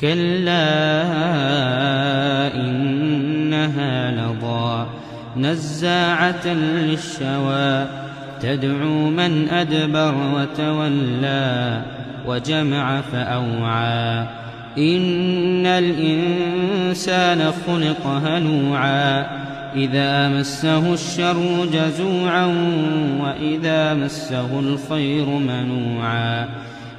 كلا إنها لضا نزاعة للشوى تدعو من أدبر وتولى وجمع فأوعى إن الإنسان خلق هلوعا إذا مسه الشر جزوعا وإذا مسه الخير منوعا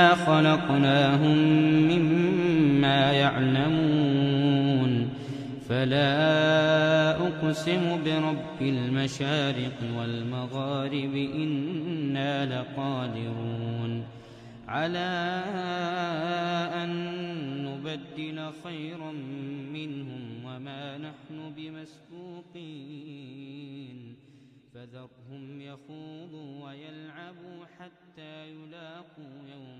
إِنَّا خَلَقْنَاهُمْ مِمَّا يَعْلَمُونَ فَلَا أُقْسِمُ بِرَبِّ الْمَشَارِقِ وَالْمَغَارِبِ إِنَّا لَقَادِرُونَ عَلَى أَن نُّبَدِّلَ خَيْرًا مِّنْهُمْ وَمَا نَحْنُ بِمَسْبُوقِينَ فذرهم يخوضوا ويلعبوا حتى يلاقوا يوم